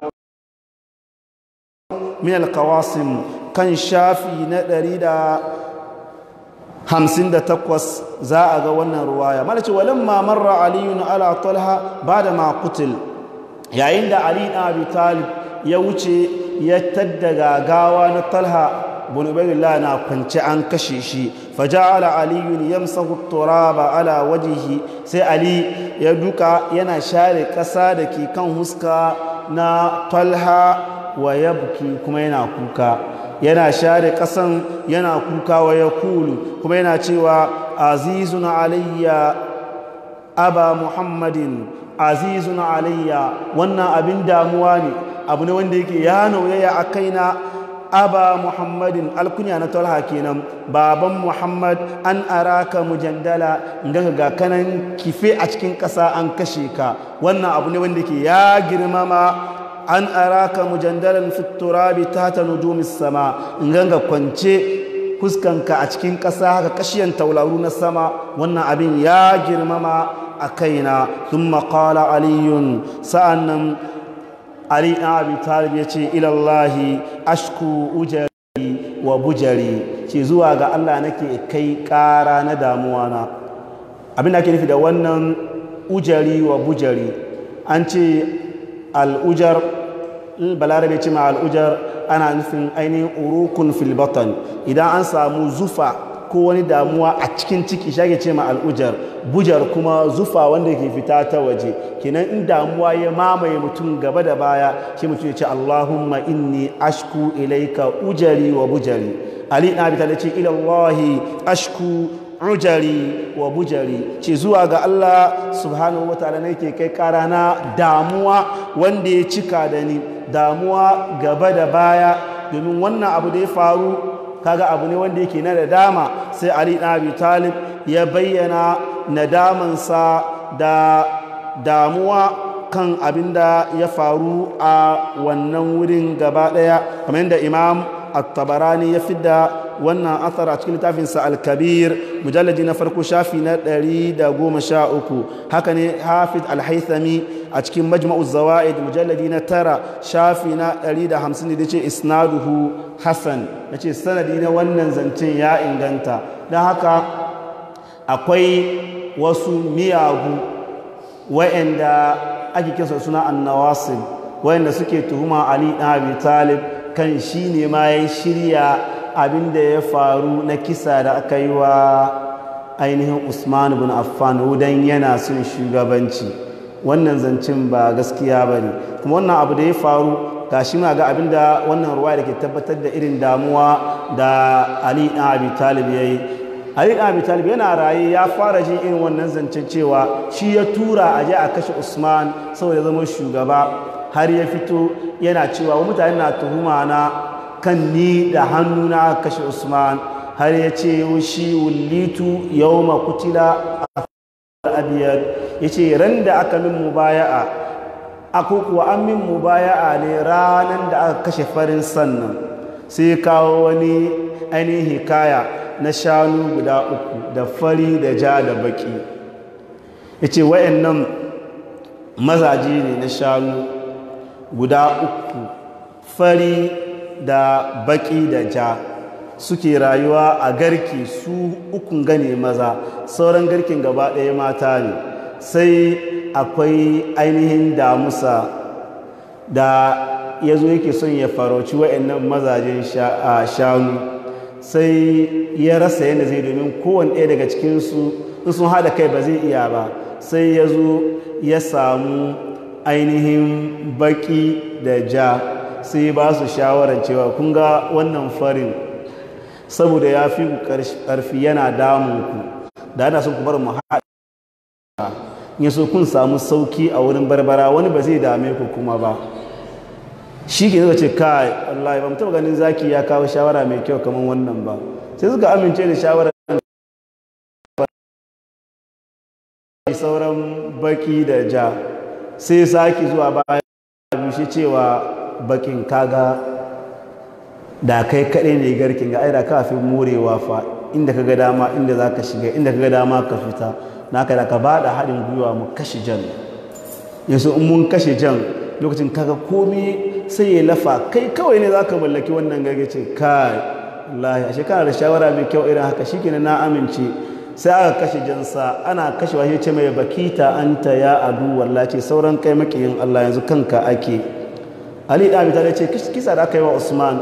min alkawasim kan shafi na 100 hamsin da takwas za a ga wannan ruwaya malaci walin mamarra aliyu na ala talha ba da makutil yayin da ali na abu talib ya wuce ya tadda gagawa na talha bin ubaidillah na kwance an kashe shi faja faja'ala aliyu hutura ba ala wajihi sai ali ya duka yana share kasa da ke kan huska na talha wa yabki kuma yana kuka yana share kasan yana kuka wa ya kulu kuma yana cewa azizun alayya aba muhammadin azizun alayya wannan abin damuwa ne abu ne wanda yake ya nauyaya a kaina aba muhammadin alkunya na talha kenan baban muhammad an araka mujandala ganga ga kanan kife a cikin kasa an kashe ka wannan abu ne wanda ke ya girmama an araka mujandaran fi ta ta nujumis sama in ganga kwance fuskanka a cikin ƙasa haka kashiyan taularu na sama wannan abin ya girmama a kaina sun maƙala aliyun sa'an nan ali abi talib ya ce ilallahi ashku ujari wa bujari ce zuwa ga allah nake kai ƙara na damuwa na abin da ake nufi da wannan ujari wa bujari an ce al'ujar balarabe ce ma al'ujar ana nufin ainihin urukun filbatan idan an samu zufa ko wani damuwa a cikin ciki shage ce ma al'ujar bujar kuma zufa wanda ke fita ta waje kenan in damuwa ya mamaye mutum gaba da baya shi mutum ya ce allahumma inni ashku ilaika ujari wa bujari ali na bi ce ilallahi ashku rujari wa bujari ce zuwa ga Allah subhanahu wa ta'ala nake kai kara na damuwa wanda ya cika da ni damuwa gaba da baya domin wannan abu da ya faru kaga abu ne wanda yake na da dama sai Ali na Abi Talib ya bayyana nadamansa da damuwa kan abin da ya faru a wannan wurin gaba daya kamar da Imam At-Tabarani ya fidda wannan athar a cikin littafinsa al-kabir mujalladi na farko shafi na 113 haka ne hafid al-haythami a cikin majma'u zawaid mujalladi na tara shafi na 150 da ce isnaduhu hasan ya ce sanadi na wannan zancen ya inganta don haka akwai wasu miyagu wa'anda ake kinsa suna annawasin wa'anda suke tuhuma ali ɗan abi talib kan shi ne ma ya shirya abin da ya faru na kisa da aka yi wa ainihin usman bin affan wudan yana son shugabanci wannan zancen ba gaskiya ba ne kuma wannan abu da ya faru ga shi ma ga abin da wannan ruwa da ke tabbatar da irin damuwa da ali ɗan abi talib ya yi ali ɗan abi talib yana raye ya fara jin irin wannan zancen cewa shi ya tura a je a kashe usman saboda zama shugaba har ya fito yana cewa wa mutane na tuhuma na kan ni da hannuna kashe usman har ya ce shi wullitu yau kutila a abiyar ya ce ran da aka min mubaya'a a kuwa an min mubaya'a ne ranar da aka kashe farin sannan sai kawo wani ainihi hikaya na shanu guda uku da fari da ja da baki ya ce wa'annan mazaji ne na shanu guda uku fari da baki da ja suke rayuwa a garki su ukun gane maza sauran garkin gaba ɗaya mata ne sai akwai ainihin damusa da ya zo yake son ya farauci wa'annan mazajen shanu sai ya rasa yadda zai domin kowane ɗaya daga cikinsu in sun haɗa kai ba zai iya ba sai ya zo ya samu ainihin baki da ja sai ba su shawarar cewa kun ga wannan farin saboda ya fi ƙarfi yana damunku da ana son ku bar mu haɗa ya so kun samu sauki a wurin barbara wani ba zai dame ku kuma ba shi ke zuwa ce kai wallahi ba mutum ganin zaki ya kawo shawara mai kyau kamar wannan ba sai suka amince da shawara sauran baki da ja sai sake zuwa baya shi cewa bakin kaga da kai kaɗai ne garkin ga aida kafin morewa fa inda ka ga dama inda za ka shiga inda ka ga dama ka fita na ka da ka ba da haɗin gwiwa mu kashe jan yanzu in mun kashe jan lokacin kaga komi sai ya lafa kai kawai ne za ka mallaki wannan ce kai lahi a shekara da shawara mai kyau irin haka shi na amince sai aka kashe jansa ana kashe shi ce mai bakita anta ya adu wallace sauran kai makiyin Allah yanzu kanka ake ali da mutane ce kisa da aka yi wa usman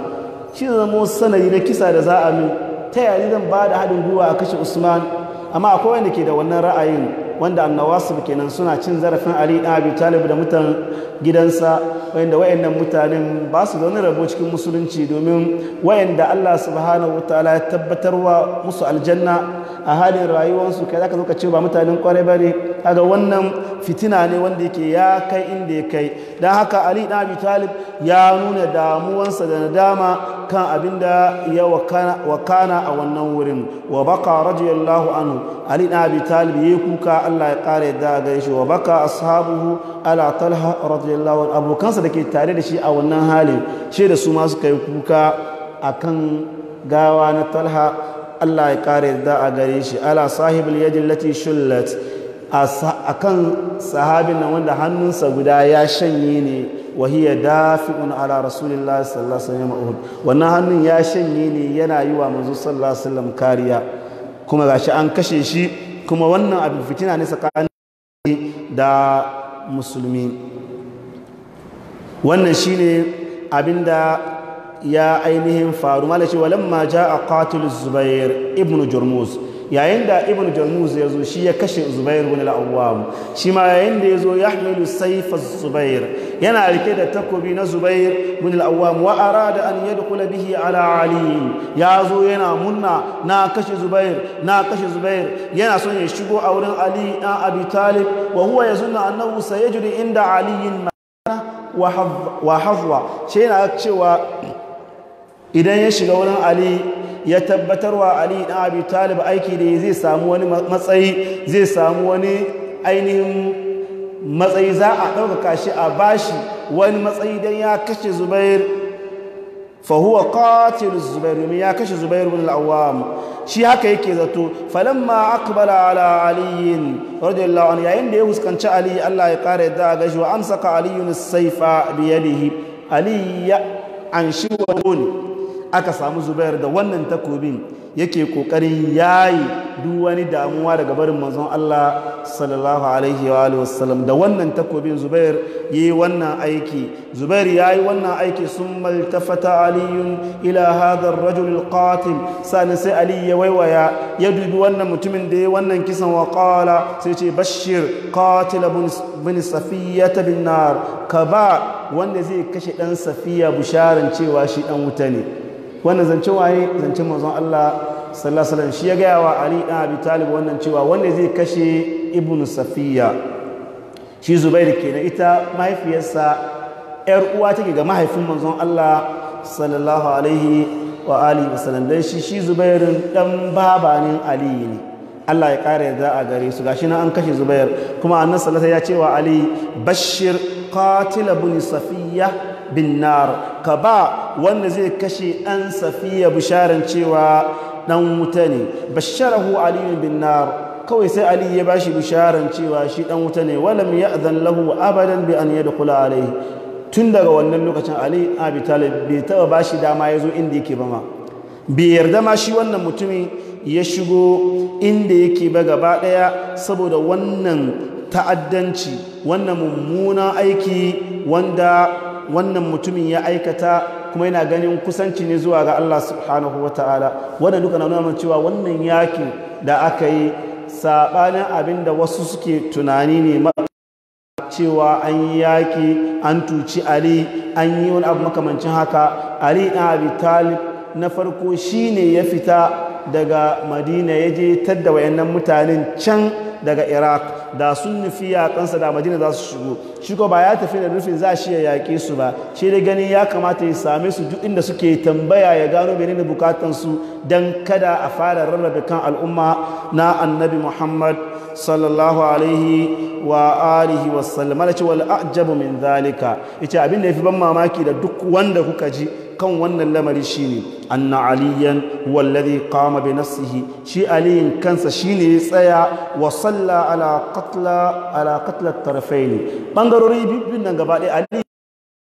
shi ne zama sanadi na kisa da za a min ta yari zan ba da haɗin gwiwa a kashe usman amma akwai wanda ke da wannan ra'ayin wanda annawasib kenan suna cin zarafin ali ɗan abi talib da mutan gidansa wayanda wayannan mutanen ba su da cikin musulunci domin wayanda Allah subhanahu ta'ala ya tabbatarwa musu aljanna a halin rayuwarsu kai zaka zo ka ce ba mutanen kwarai bane kaga wannan fitina ne wanda yake ya kai inda ya kai dan haka ali ɗan abi talib ya nuna damuwansa da nadama kan abinda ya wakana a wannan wurin wa baka radiyallahu anhu ali ɗan abi talib yayi kuka Allah ya kare da gare shi wa baka ashabuhu ala talha radiyallahu anhu abokansa da ke tare da shi a wannan hali shi da su ma suka yi kuka akan gawa na talha Allah ya kare da gare shi ala sahibul yadi allati shullat akan sahabin nan wanda hannunsa guda ya shanye ne wahiya dafi'un ala rasulillahi sallallahu alaihi wasallam wannan hannun ya shanye ne yana yi wa manzo sallallahu alaihi wasallam kariya kuma gashi an kashe shi kuma wannan abin fitina ne tsakanin da musulmi wannan shi ne abin da ya ainihin faru malashi walamma a qatil zubair ibn jurmuz yayin da ibn jarmuz ya zo shi ya kashe zubair wani la'awuwa shi ma yayin da ya zo yahmilu Saifa az-zubair yana rike da takobi na zubair wani al-awwam wa da an kula bihi ala ali ya zo yana munna na kashe zubair na kashe zubair yana son ya shigo a wurin ali na abi talib wa huwa yazunna annahu sayajri inda ali wa hazwa shi yana cewa idan ya shiga wurin ali ya tabbatar wa ali dan abi talib aiki da zai samu wani matsayi zai samu wani ainihin matsayi za a ɗaukaka shi a bashi wani matsayi don ya kashe zubair fahuwa katil zubair domin ya kashe zubair bin al'awam shi haka yake zato falamma akbala ala aliyin radiyallahu lawan. yayin da ya fuskanci ali Allah ya kare da gashi wa amsaka aliyun saifa biyadihi ali ya anshi wa aka samu zubayar da wannan takobin yake kokarin yayi duk wani damuwa daga barin manzon Allah sallallahu alaihi wa wasallam da wannan takobin zubair yayi wannan aiki zubair yayi wannan aiki sun iltafata aliyun ila hadha ar-rajul al-qatil sani sai ali ya waiwaya ya dubi wannan mutumin da yayi wannan kisan wa qala sai ce bashir qatil bin safiyata bin nar ka ba wanda zai kashe dan safiya bisharan cewa shi dan wuta ne wannan zance waye zancen manzon Allah sallallahu shi ya gaya wa Ali dan Abi Talib wannan cewa wanda zai kashe Ibn Safiya shi Zubair kenan ita mahaifiyarsa yar uwa take ga mahaifin manzon Allah sallallahu alaihi wa alihi wasallam dan shi shi Zubair dan babanin Ali ne Allah ya kare yarda a gare su gashi na an kashe Zubair kuma annabi sallallahu ya ce wa Ali bashir qatil ibn Safiya Binnar ka ba wanda zai kashe ɗan safiya bisharan cewa ɗan wuta ne basharahu aliyu bin nar kawai sai ali ya bashi bisharan cewa shi ɗan wuta ne walam ya'zan lahu abadan bi an yadkhula alayhi tun daga wannan lokacin ali abi talib bai taba bashi dama ya zo inda yake ba ma bai yarda ma shi wannan mutumin ya shigo inda yake ba gaba ɗaya saboda wannan ta'addanci wannan mummunan aiki wanda wannan mutumin ya aikata kuma yana ganin kusanci ne zuwa ga Allah subhanahu wa ta'ala wannan duka na nuna cewa wannan yakin da aka yi saɓanin abin da wasu suke tunani ne cewa an yi yaki an tuci ali an yi wani abu makamancin haka ali na abi talib na farko shine ya fita daga madina ya je tadda wayannan mutanen can daga iraq da sun nufi yaƙansa da madina za su shigo shi ba ya tafi da nufin za shi ya yaƙe su ba shi da ganin ya kamata ya same su duk inda suke tambaya ya gano menene bukatansu Dan kada a fara rarrabe kan al'umma na annabi muhammad sallallahu alaihi wa alihi wasallam ala ce wal min zalika ita abin da yafi ban mamaki da duk wanda kuka ji kan wannan lamari shine anna aliyan wallazi kama qama bi nafsihi shi aliyin kansa shine ya tsaya wa salla ala qatla ala qatla tarfaini bangarori nan gaba ɗaya ali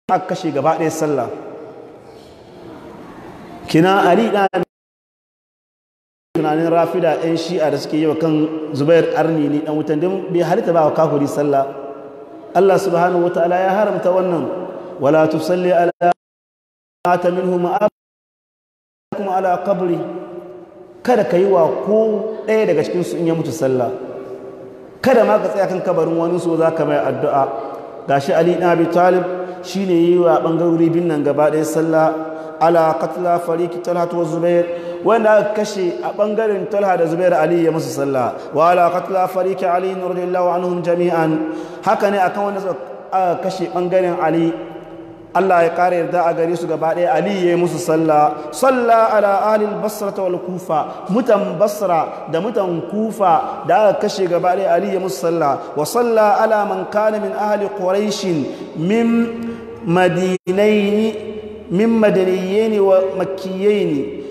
aka kashe gaba ɗaya sallah kina ali da tunanin rafida ɗan shi'a da suke yi wa kan zubair arni ne ɗan wutan don bai halitta ba wa kafuri sallah Allah subhanahu wa ta'ala ya haramta wannan wala tusalli ala mata minhu ma'abakum ala qabri kada ka yi wa ko ɗaya daga cikin su in ya mutu sallah kada ma ka tsaya kan kabarin wani so za ka mai addu'a gashi ali ɗan abi talib shine yi wa ɓangarori bin nan gaba ɗaya sallah ala katla fariki talha wa zubair wanda aka kashe a bangaren talha da zubair ali ya musu sallah wa ala katla fariki ali radiyallahu anhum jami'an haka ne akan wanda aka kashe bangaren ali Allah ya ƙara yarda a gare su gaba ɗaya Ali ya yi musu sallah sallah ala alil ta wal kufa mutan basra da mutan kufa da aka kashe gaba ɗaya Ali ya musu sallah wa salla ala man kana min ahli quraish min madinaini min madaniyaini wa makkiyaini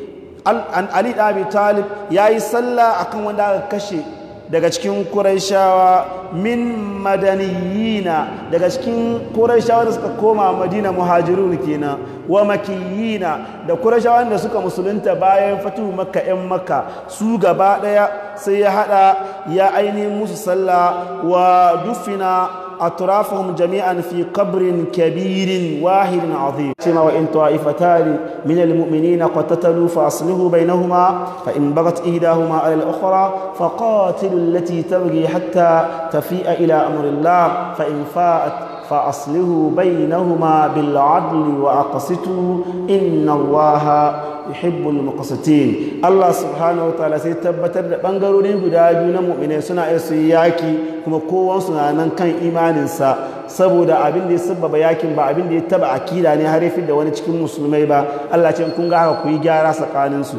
an Ali Abi Talib yayi sallah akan wanda aka kashe daga cikin ƙuraishawa min madaniyina daga cikin ƙuraishawa da suka koma madina muhajirun kenan wa makiyina da ƙuraishawa da suka musulunta bayan fatu makka 'yan makka su gaba ɗaya sai ya haɗa ya aini musu sallah wa dufina أطرافهم جميعا في قبر كبير واحد عظيم وإن طائفتان من المؤمنين قتتلوا فأصله بينهما فإن بغت إهداهما على الأخرى فقاتلوا التي تبغي حتى تفيء إلى أمر الله فإن فاءت فأصله بينهما بالعدل وأقسطوا إن الله yuhibbul muqsitin Allah subhanahu wataala sai tabbatar da bangarorin guda biyu na mu'minai suna iya su yaki kuma kowan su nan kan imaninsa saboda abin da ya sabbaba yakin ba abin da ya taba akida ne har yafi da wani cikin musulmai ba Allah ce kun ga haka ku yi gyara tsakanin su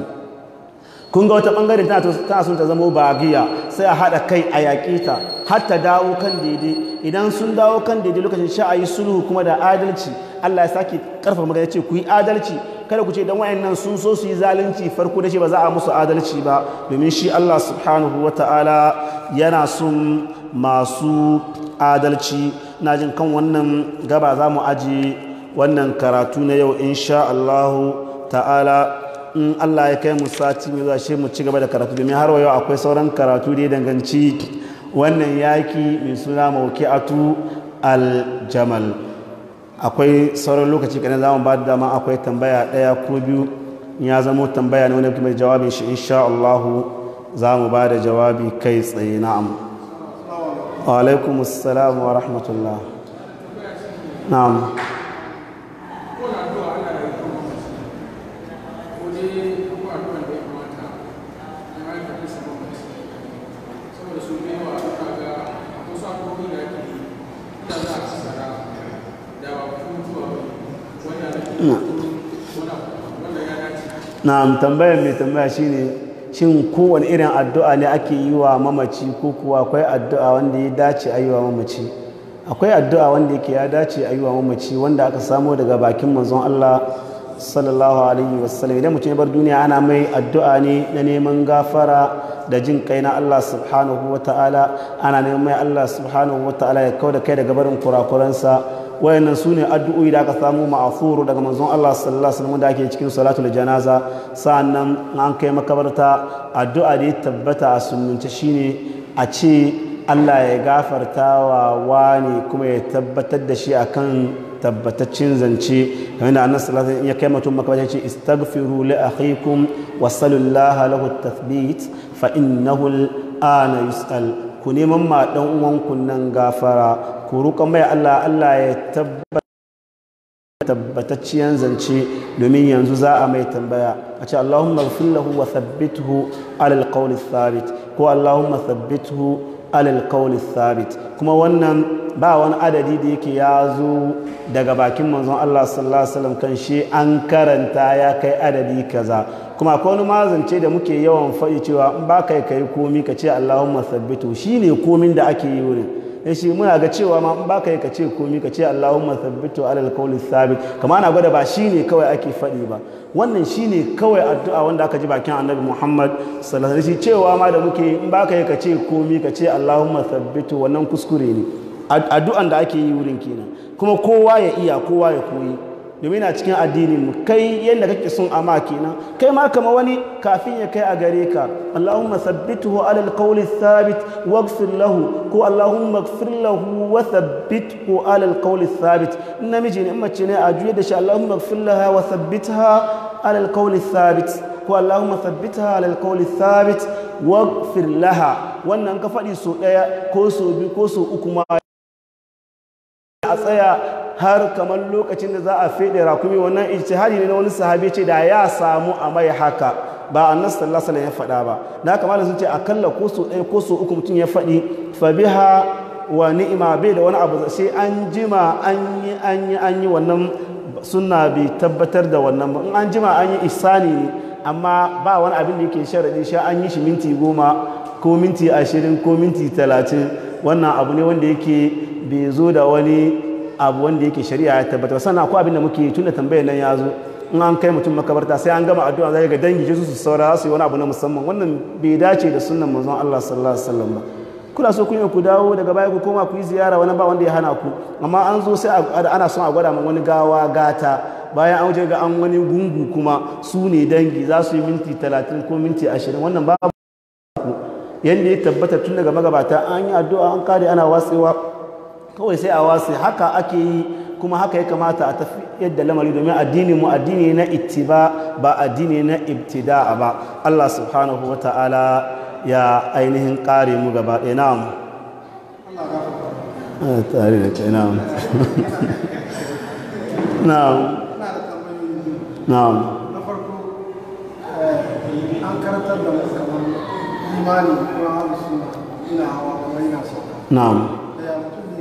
kun ga wata bangare tana sun ta zama bagiya sai a haɗa kai a yaki ta har ta dawo kan daidai idan sun dawo kan daidai lokacin sha'ayi sulhu kuma da adalci Allah ya sake karfafa magana ce ku yi adalci kada ku ce dan wayannan sun so su yi zalunci farko da shi ba za a musu adalci ba domin shi Allah subhanahu wataala yana sun masu adalci na jin kan wannan gaba za mu aji wannan karatu na yau insha Allah ta'ala in Allah ya kai mu sati mu zashe mu ci gaba da karatu domin har yau akwai sauran karatu da ya danganci wannan yaki mai suna mauki'atu al-jamal akwai sauran lokaci kanin zamu ba da dama akwai tambaya ɗaya, ko biyu ya zamo tambaya ne wanda kuma jawabin shi insha Allah za mu ba da jawabi kai tsaye na'am wa alaikum assalam wa rahmatullah na'am Thank na'am tambayar mai tambaya shine shin kowane irin addu'a ne ake yi wa mamaci ko kuwa akwai addu'a wanda ya dace a yi wa mamaci akwai addu'a wanda yake ya dace a yi wa mamaci wanda aka samo daga bakin manzon Allah sallallahu alaihi wasallam idan mutum ya bar duniya ana mai addu'a ne na neman gafara da jin kai na Allah subhanahu wa ana neman mai Allah subhanahu wa ta'ala ya kau da kai daga barin kurakuransa wayannan sune addu'o'i da aka samu ma'asuru daga manzon Allah sallallahu alaihi wasallam da ake cikin salatul janaza sa'annan an kai makabarta addu'a da ya tabbata a sunnunce shine a ce Allah ya gafarta wa wani kuma ya tabbatar da shi akan tabbataccen zance kamar da annabi sallallahu alaihi wasallam ya kai mutum makabarta ce istaghfiru li akhikum sallallahu lahu tathbit fa innahu al-ana yus'al ku neman ma dan uwanku nan gafara ku roƙon mai Allah Allah ya tabbatacciyan zance domin yanzu za a mai tambaya a ce Allahumma ghfir lahu wa thabbithu alal qawli thabit ko Allahumma thabbithu alal qawli thabit kuma wannan ba wani adadi da yake ya zo daga bakin manzon Allah sallallahu alaihi kan shi an karanta ya kai adadi kaza kuma akwai wani mazance da muke yawan faɗi cewa in ba kai kai komi ka ce Allahumma sabbitu shine komin da ake yi wurin ya eh, shi muna ga cewa ma ba ka yi ka ce komi ka ce Allahumma thabbitu alal qawli thabit kama ana gwada ba shine kawai ake faɗi ba wannan shine kawai addu'a wanda aka ji bakin Annabi Muhammad sallallahu alaihi wasallam cewa ma da muke in ba ka yi ka ce komi ka ce Allahumma thabbitu wannan kuskure ne addu'an da ake yi wurin kenan kuma kowa ya iya kowa ya koyi domin na cikin addinin mu kai yadda kake sun ama kenan kai ma kama wani kafin ya kai a gare ka Allahumma sabbithu ala alqawli thabit waghfir lahu ko Allahumma ighfir lahu wa thabbithu ala alqawli thabit namiji ne mace ne a juye da shi Allahumma ighfir laha wa thabbitha ala alqawli thabit ko Allahumma thabbitha ala alqawli thabit waghfir laha wannan ka faɗi so ɗaya ko so biyu ko so uku ma a tsaya har kamar lokacin da za a fede rakumi wannan ijtihadi ne na wani sahabi ce da ya samu a mai haka ba annas sallallahu alaihi ya faɗa ba na kamar sun ce akalla ko su ɗaya ko su uku mutum ya faɗi fa biha wa ni'ima bai da wani abu sai an jima an yi an yi an yi wannan sunna bai tabbatar da wannan ba in an jima an yi isa ne amma ba wani abin da yake sharadi sha an yi shi minti goma ko minti ashirin ko minti talatin wannan abu ne wanda yake bai zo da wani abu wanda yake shari'a ya tabbata ba sana ko abin da muke tunda tambayar nan ya zo in an kai mutum makabarta sai an gama addu'a zai ga dangi su saurara su yi wani abu na musamman wannan bai dace da sunnan manzon Allah sallallahu alaihi wasallam ba kuna so kun yi ku dawo daga baya ku koma ku yi ziyara wani ba wanda ya hana ku amma an zo sai ana son a gwada min wani gawa gata bayan an wuce ga an wani gungu kuma su ne dangi za su yi minti talatin ko minti ashirin wannan babu yadda ya tabbata tun daga magabata an yi addu'a an kare ana watsewa kawai sai a wasu haka ake yi kuma haka ya kamata a tafi yadda lamari domin addini mu addini na ittiba ba addini na ibtida'a ba Allah subhanahu wa ta'ala ya ainihin kare mu gaba ɗaya na farko na'am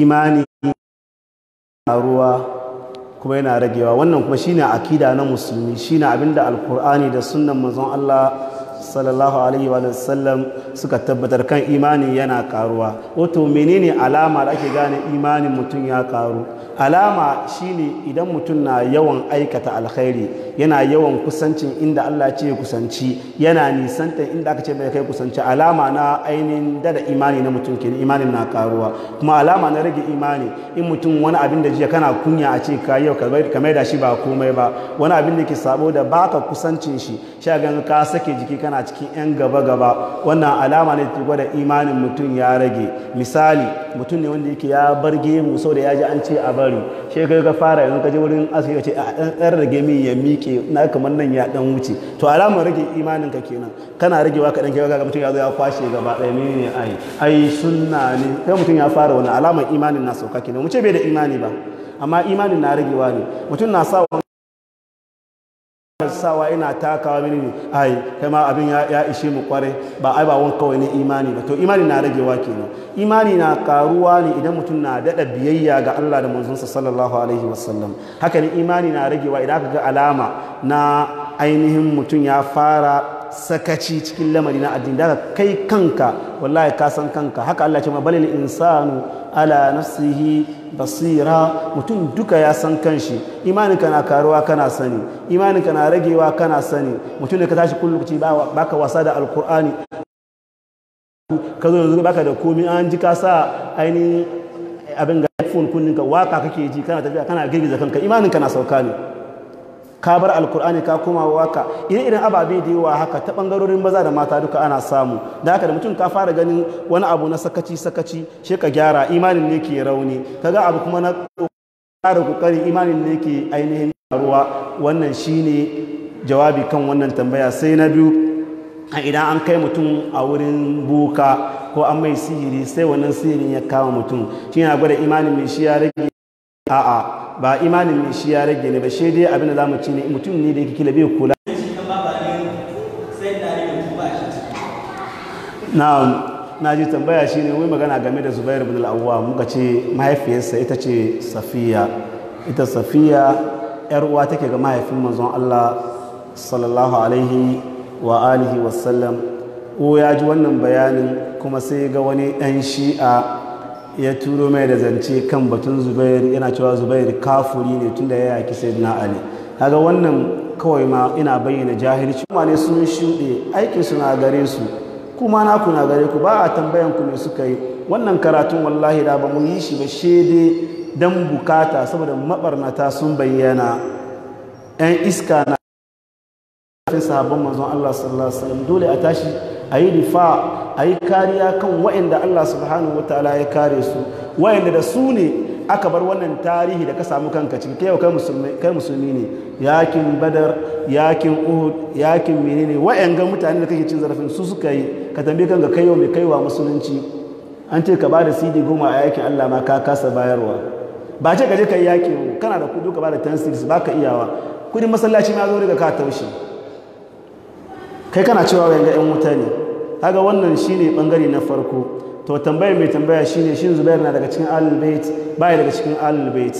imani a ruwa kuma yana ragewa wannan kuma shine akida na musulmi shine abinda alkur'ani da sunnan manzon Allah sallallahu alaihi wa sallam suka tabbatar kan imani yana karuwa wato menene alama da ake gane imanin mutum ya karu alama shine idan mutum na yawan aikata alkhairi yana yawan kusancin inda Allah ce kusanci yana nisanta inda aka ce bai kai kusanci alama na ainihin dada imani na mutum kenan imanin na karuwa kuma alama na rage imani in mutum wani abin da jiya kana kunya a ce ka yau ka mai da shi ba komai ba wani abin da ke sabo da baka kusancin shi shagan ka sake jiki kana tana cikin 'yan gaba-gaba wannan alama ne ke gwada imanin mutum ya rage misali mutum ne wanda yake ya bar gemu sau da ya ji an ce a bari shi ka fara yin kaji wurin asibiti ce a ah, ɗan ɗan rage min ya miƙe na kamar nan ya ɗan wuce to alamar rage imanin ka kenan kana ragewa kaɗan ke ga mutum ya zo ya kwashe gaba ɗaya ne ne ai ai sunna ne kai mutum ya fara wani alamar imanin na sauka kenan mu ce bai da imani ba amma imanin na ragewa ne mutum na sa sawa ina takawa mini ne ai kai ma abin ya ishe mu kware ba ai ba wani kawai ne imani ba to imani na ragewa kenan imani na karuwa ne idan mutum na dada biyayya ga Allah da manzonsa sallallahu alaihi wasallam haka ne imani na ragewa idan aka ga alama na ainihin mutum ya fara sakaci cikin lamari na addini da kai kanka wallahi ka san kanka haka Allah ce ma insanu ala nafsihi basira mutum duka ya san kanshi imanin na karuwa kana sani imanin na ragewa kana sani mutum ne ka tashi kullum baka wasa da alkur'ani ka zo yanzu baka da komai an ji ka sa ainihin abin ga headphone kunninka waka kake ji kana tafiya kana girgiza kanka imanin na sauka ne ka bar alkur'ani ka koma waka ire-iren ababe da yawa haka ta bangarorin maza da mata duka ana samu da haka da mutum ka fara ganin wani abu na sakaci sakaci shi ka gyara imanin ne ke rauni kaga abu kuma na ƙara kokari imanin ne ke ainihin ruwa wannan shine jawabi kan wannan tambaya sai na biyu idan an kai mutum a wurin buka ko an mai sihiri sai wannan sihirin ya kama mutum shi na gwada imanin mai shi ya rage a'a ba imanin ne shi ya rage ne ba shi dai abin da zamu ci ne mutum ne da yake kila bai kula na'am na ji tambaya shi ne wai magana game da zubair ibn al muka ce mahaifiyarsa ita ce safiya ita safiya yar uwa take ga mahaifin manzon Allah sallallahu alaihi wa alihi wa sallam ya ji wannan bayanin kuma sai ga wani dan shi'a ya turo mai da zance kan batun zubair yana cewa zubair kafuri ne tunda ya yaki sai na ali kaga wannan kawai ma ina bayyana jahilci kuma ne sun shuɗe aikin na gare su kuma na kuna gare ku ba a tambayan ku me suka yi wannan karatun wallahi da ba mu yi shi ba shede dan bukata saboda mabarnata sun bayyana yan iska na sahabban manzon Allah sallallahu alaihi wasallam dole a tashi a yi rifa a yi kariya kan wa'inda Allah subhanahu wataala ya kare su wa'inda da su ne aka bar wannan tarihi da ka samu kanka cikin kai kai musulmi ne yakin badar yakin uhud yakin menene ga mutane da kake cin zarafin su suka yi ka tambi kanka kai yau mai kaiwa musulunci an ce ka ba da CD goma a yakin Allah ma ka kasa bayarwa ba ce ka je ka yi yakin kana da kudu ka ba da 10 ba ka iyawa kudin masallaci ma zo daga ka taushe kai kana cewa wayanga yan wuta ne kaga wannan shine bangare na farko to tambayar mai tambaya shine shin Zubair na daga cikin Ahlul Bait baya daga cikin Ahlul Bait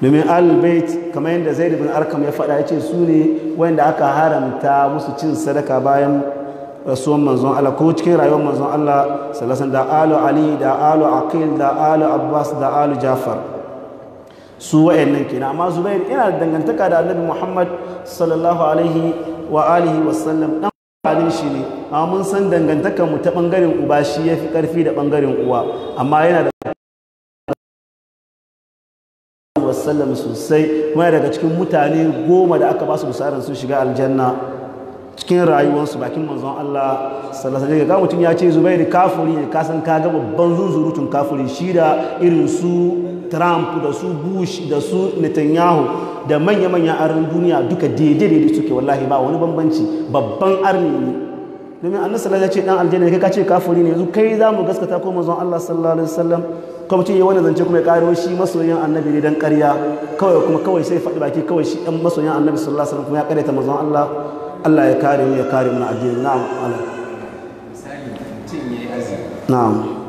domin Ahlul Bait kamar yadda Zaid bin Arkam ya faɗa ce su ne wanda aka haramta musu cin sadaka bayan rasuwan manzon Allah ko cikin rayuwar manzon Allah sallallahu da alu Ali da alu Aqil da alu Abbas da alu Jafar su wayannan kenan amma Zubair yana da dangantaka da Annabi Muhammad sallallahu alaihi wa alihi wasallam dan halin shi ne amma mun san dangantakar mu ta bangaren uba shi yafi karfi da bangaren uwa amma yana da wasallam sosai kuma daga cikin mutane goma da aka ba su musarar su shiga aljanna cikin rayuwarsu bakin manzon Allah sallallahu alaihi wasallam mutum ya ce Zubairu kafuri ne kasan kaga babban zunzurutun kafuri shi da irin su trump da su bush da su netanyahu da manya-manyan arin duniya duka daidai da suke wallahi ba wani bambanci babban arni ne domin annabi sallallahu ya ce dan aljanna kai ka ce kafiri ne yanzu kai za mu gaskata ko manzon Allah sallallahu alaihi wasallam kuma ce wani zance kuma ya karo shi masoyin annabi ne dan ƙarya kawai kuma kawai sai faɗi baki kawai shi dan masoyin annabi sallallahu alaihi wasallam kuma ya karyata manzon Allah Allah ya kare mu ya kare mu na addini na'am na'am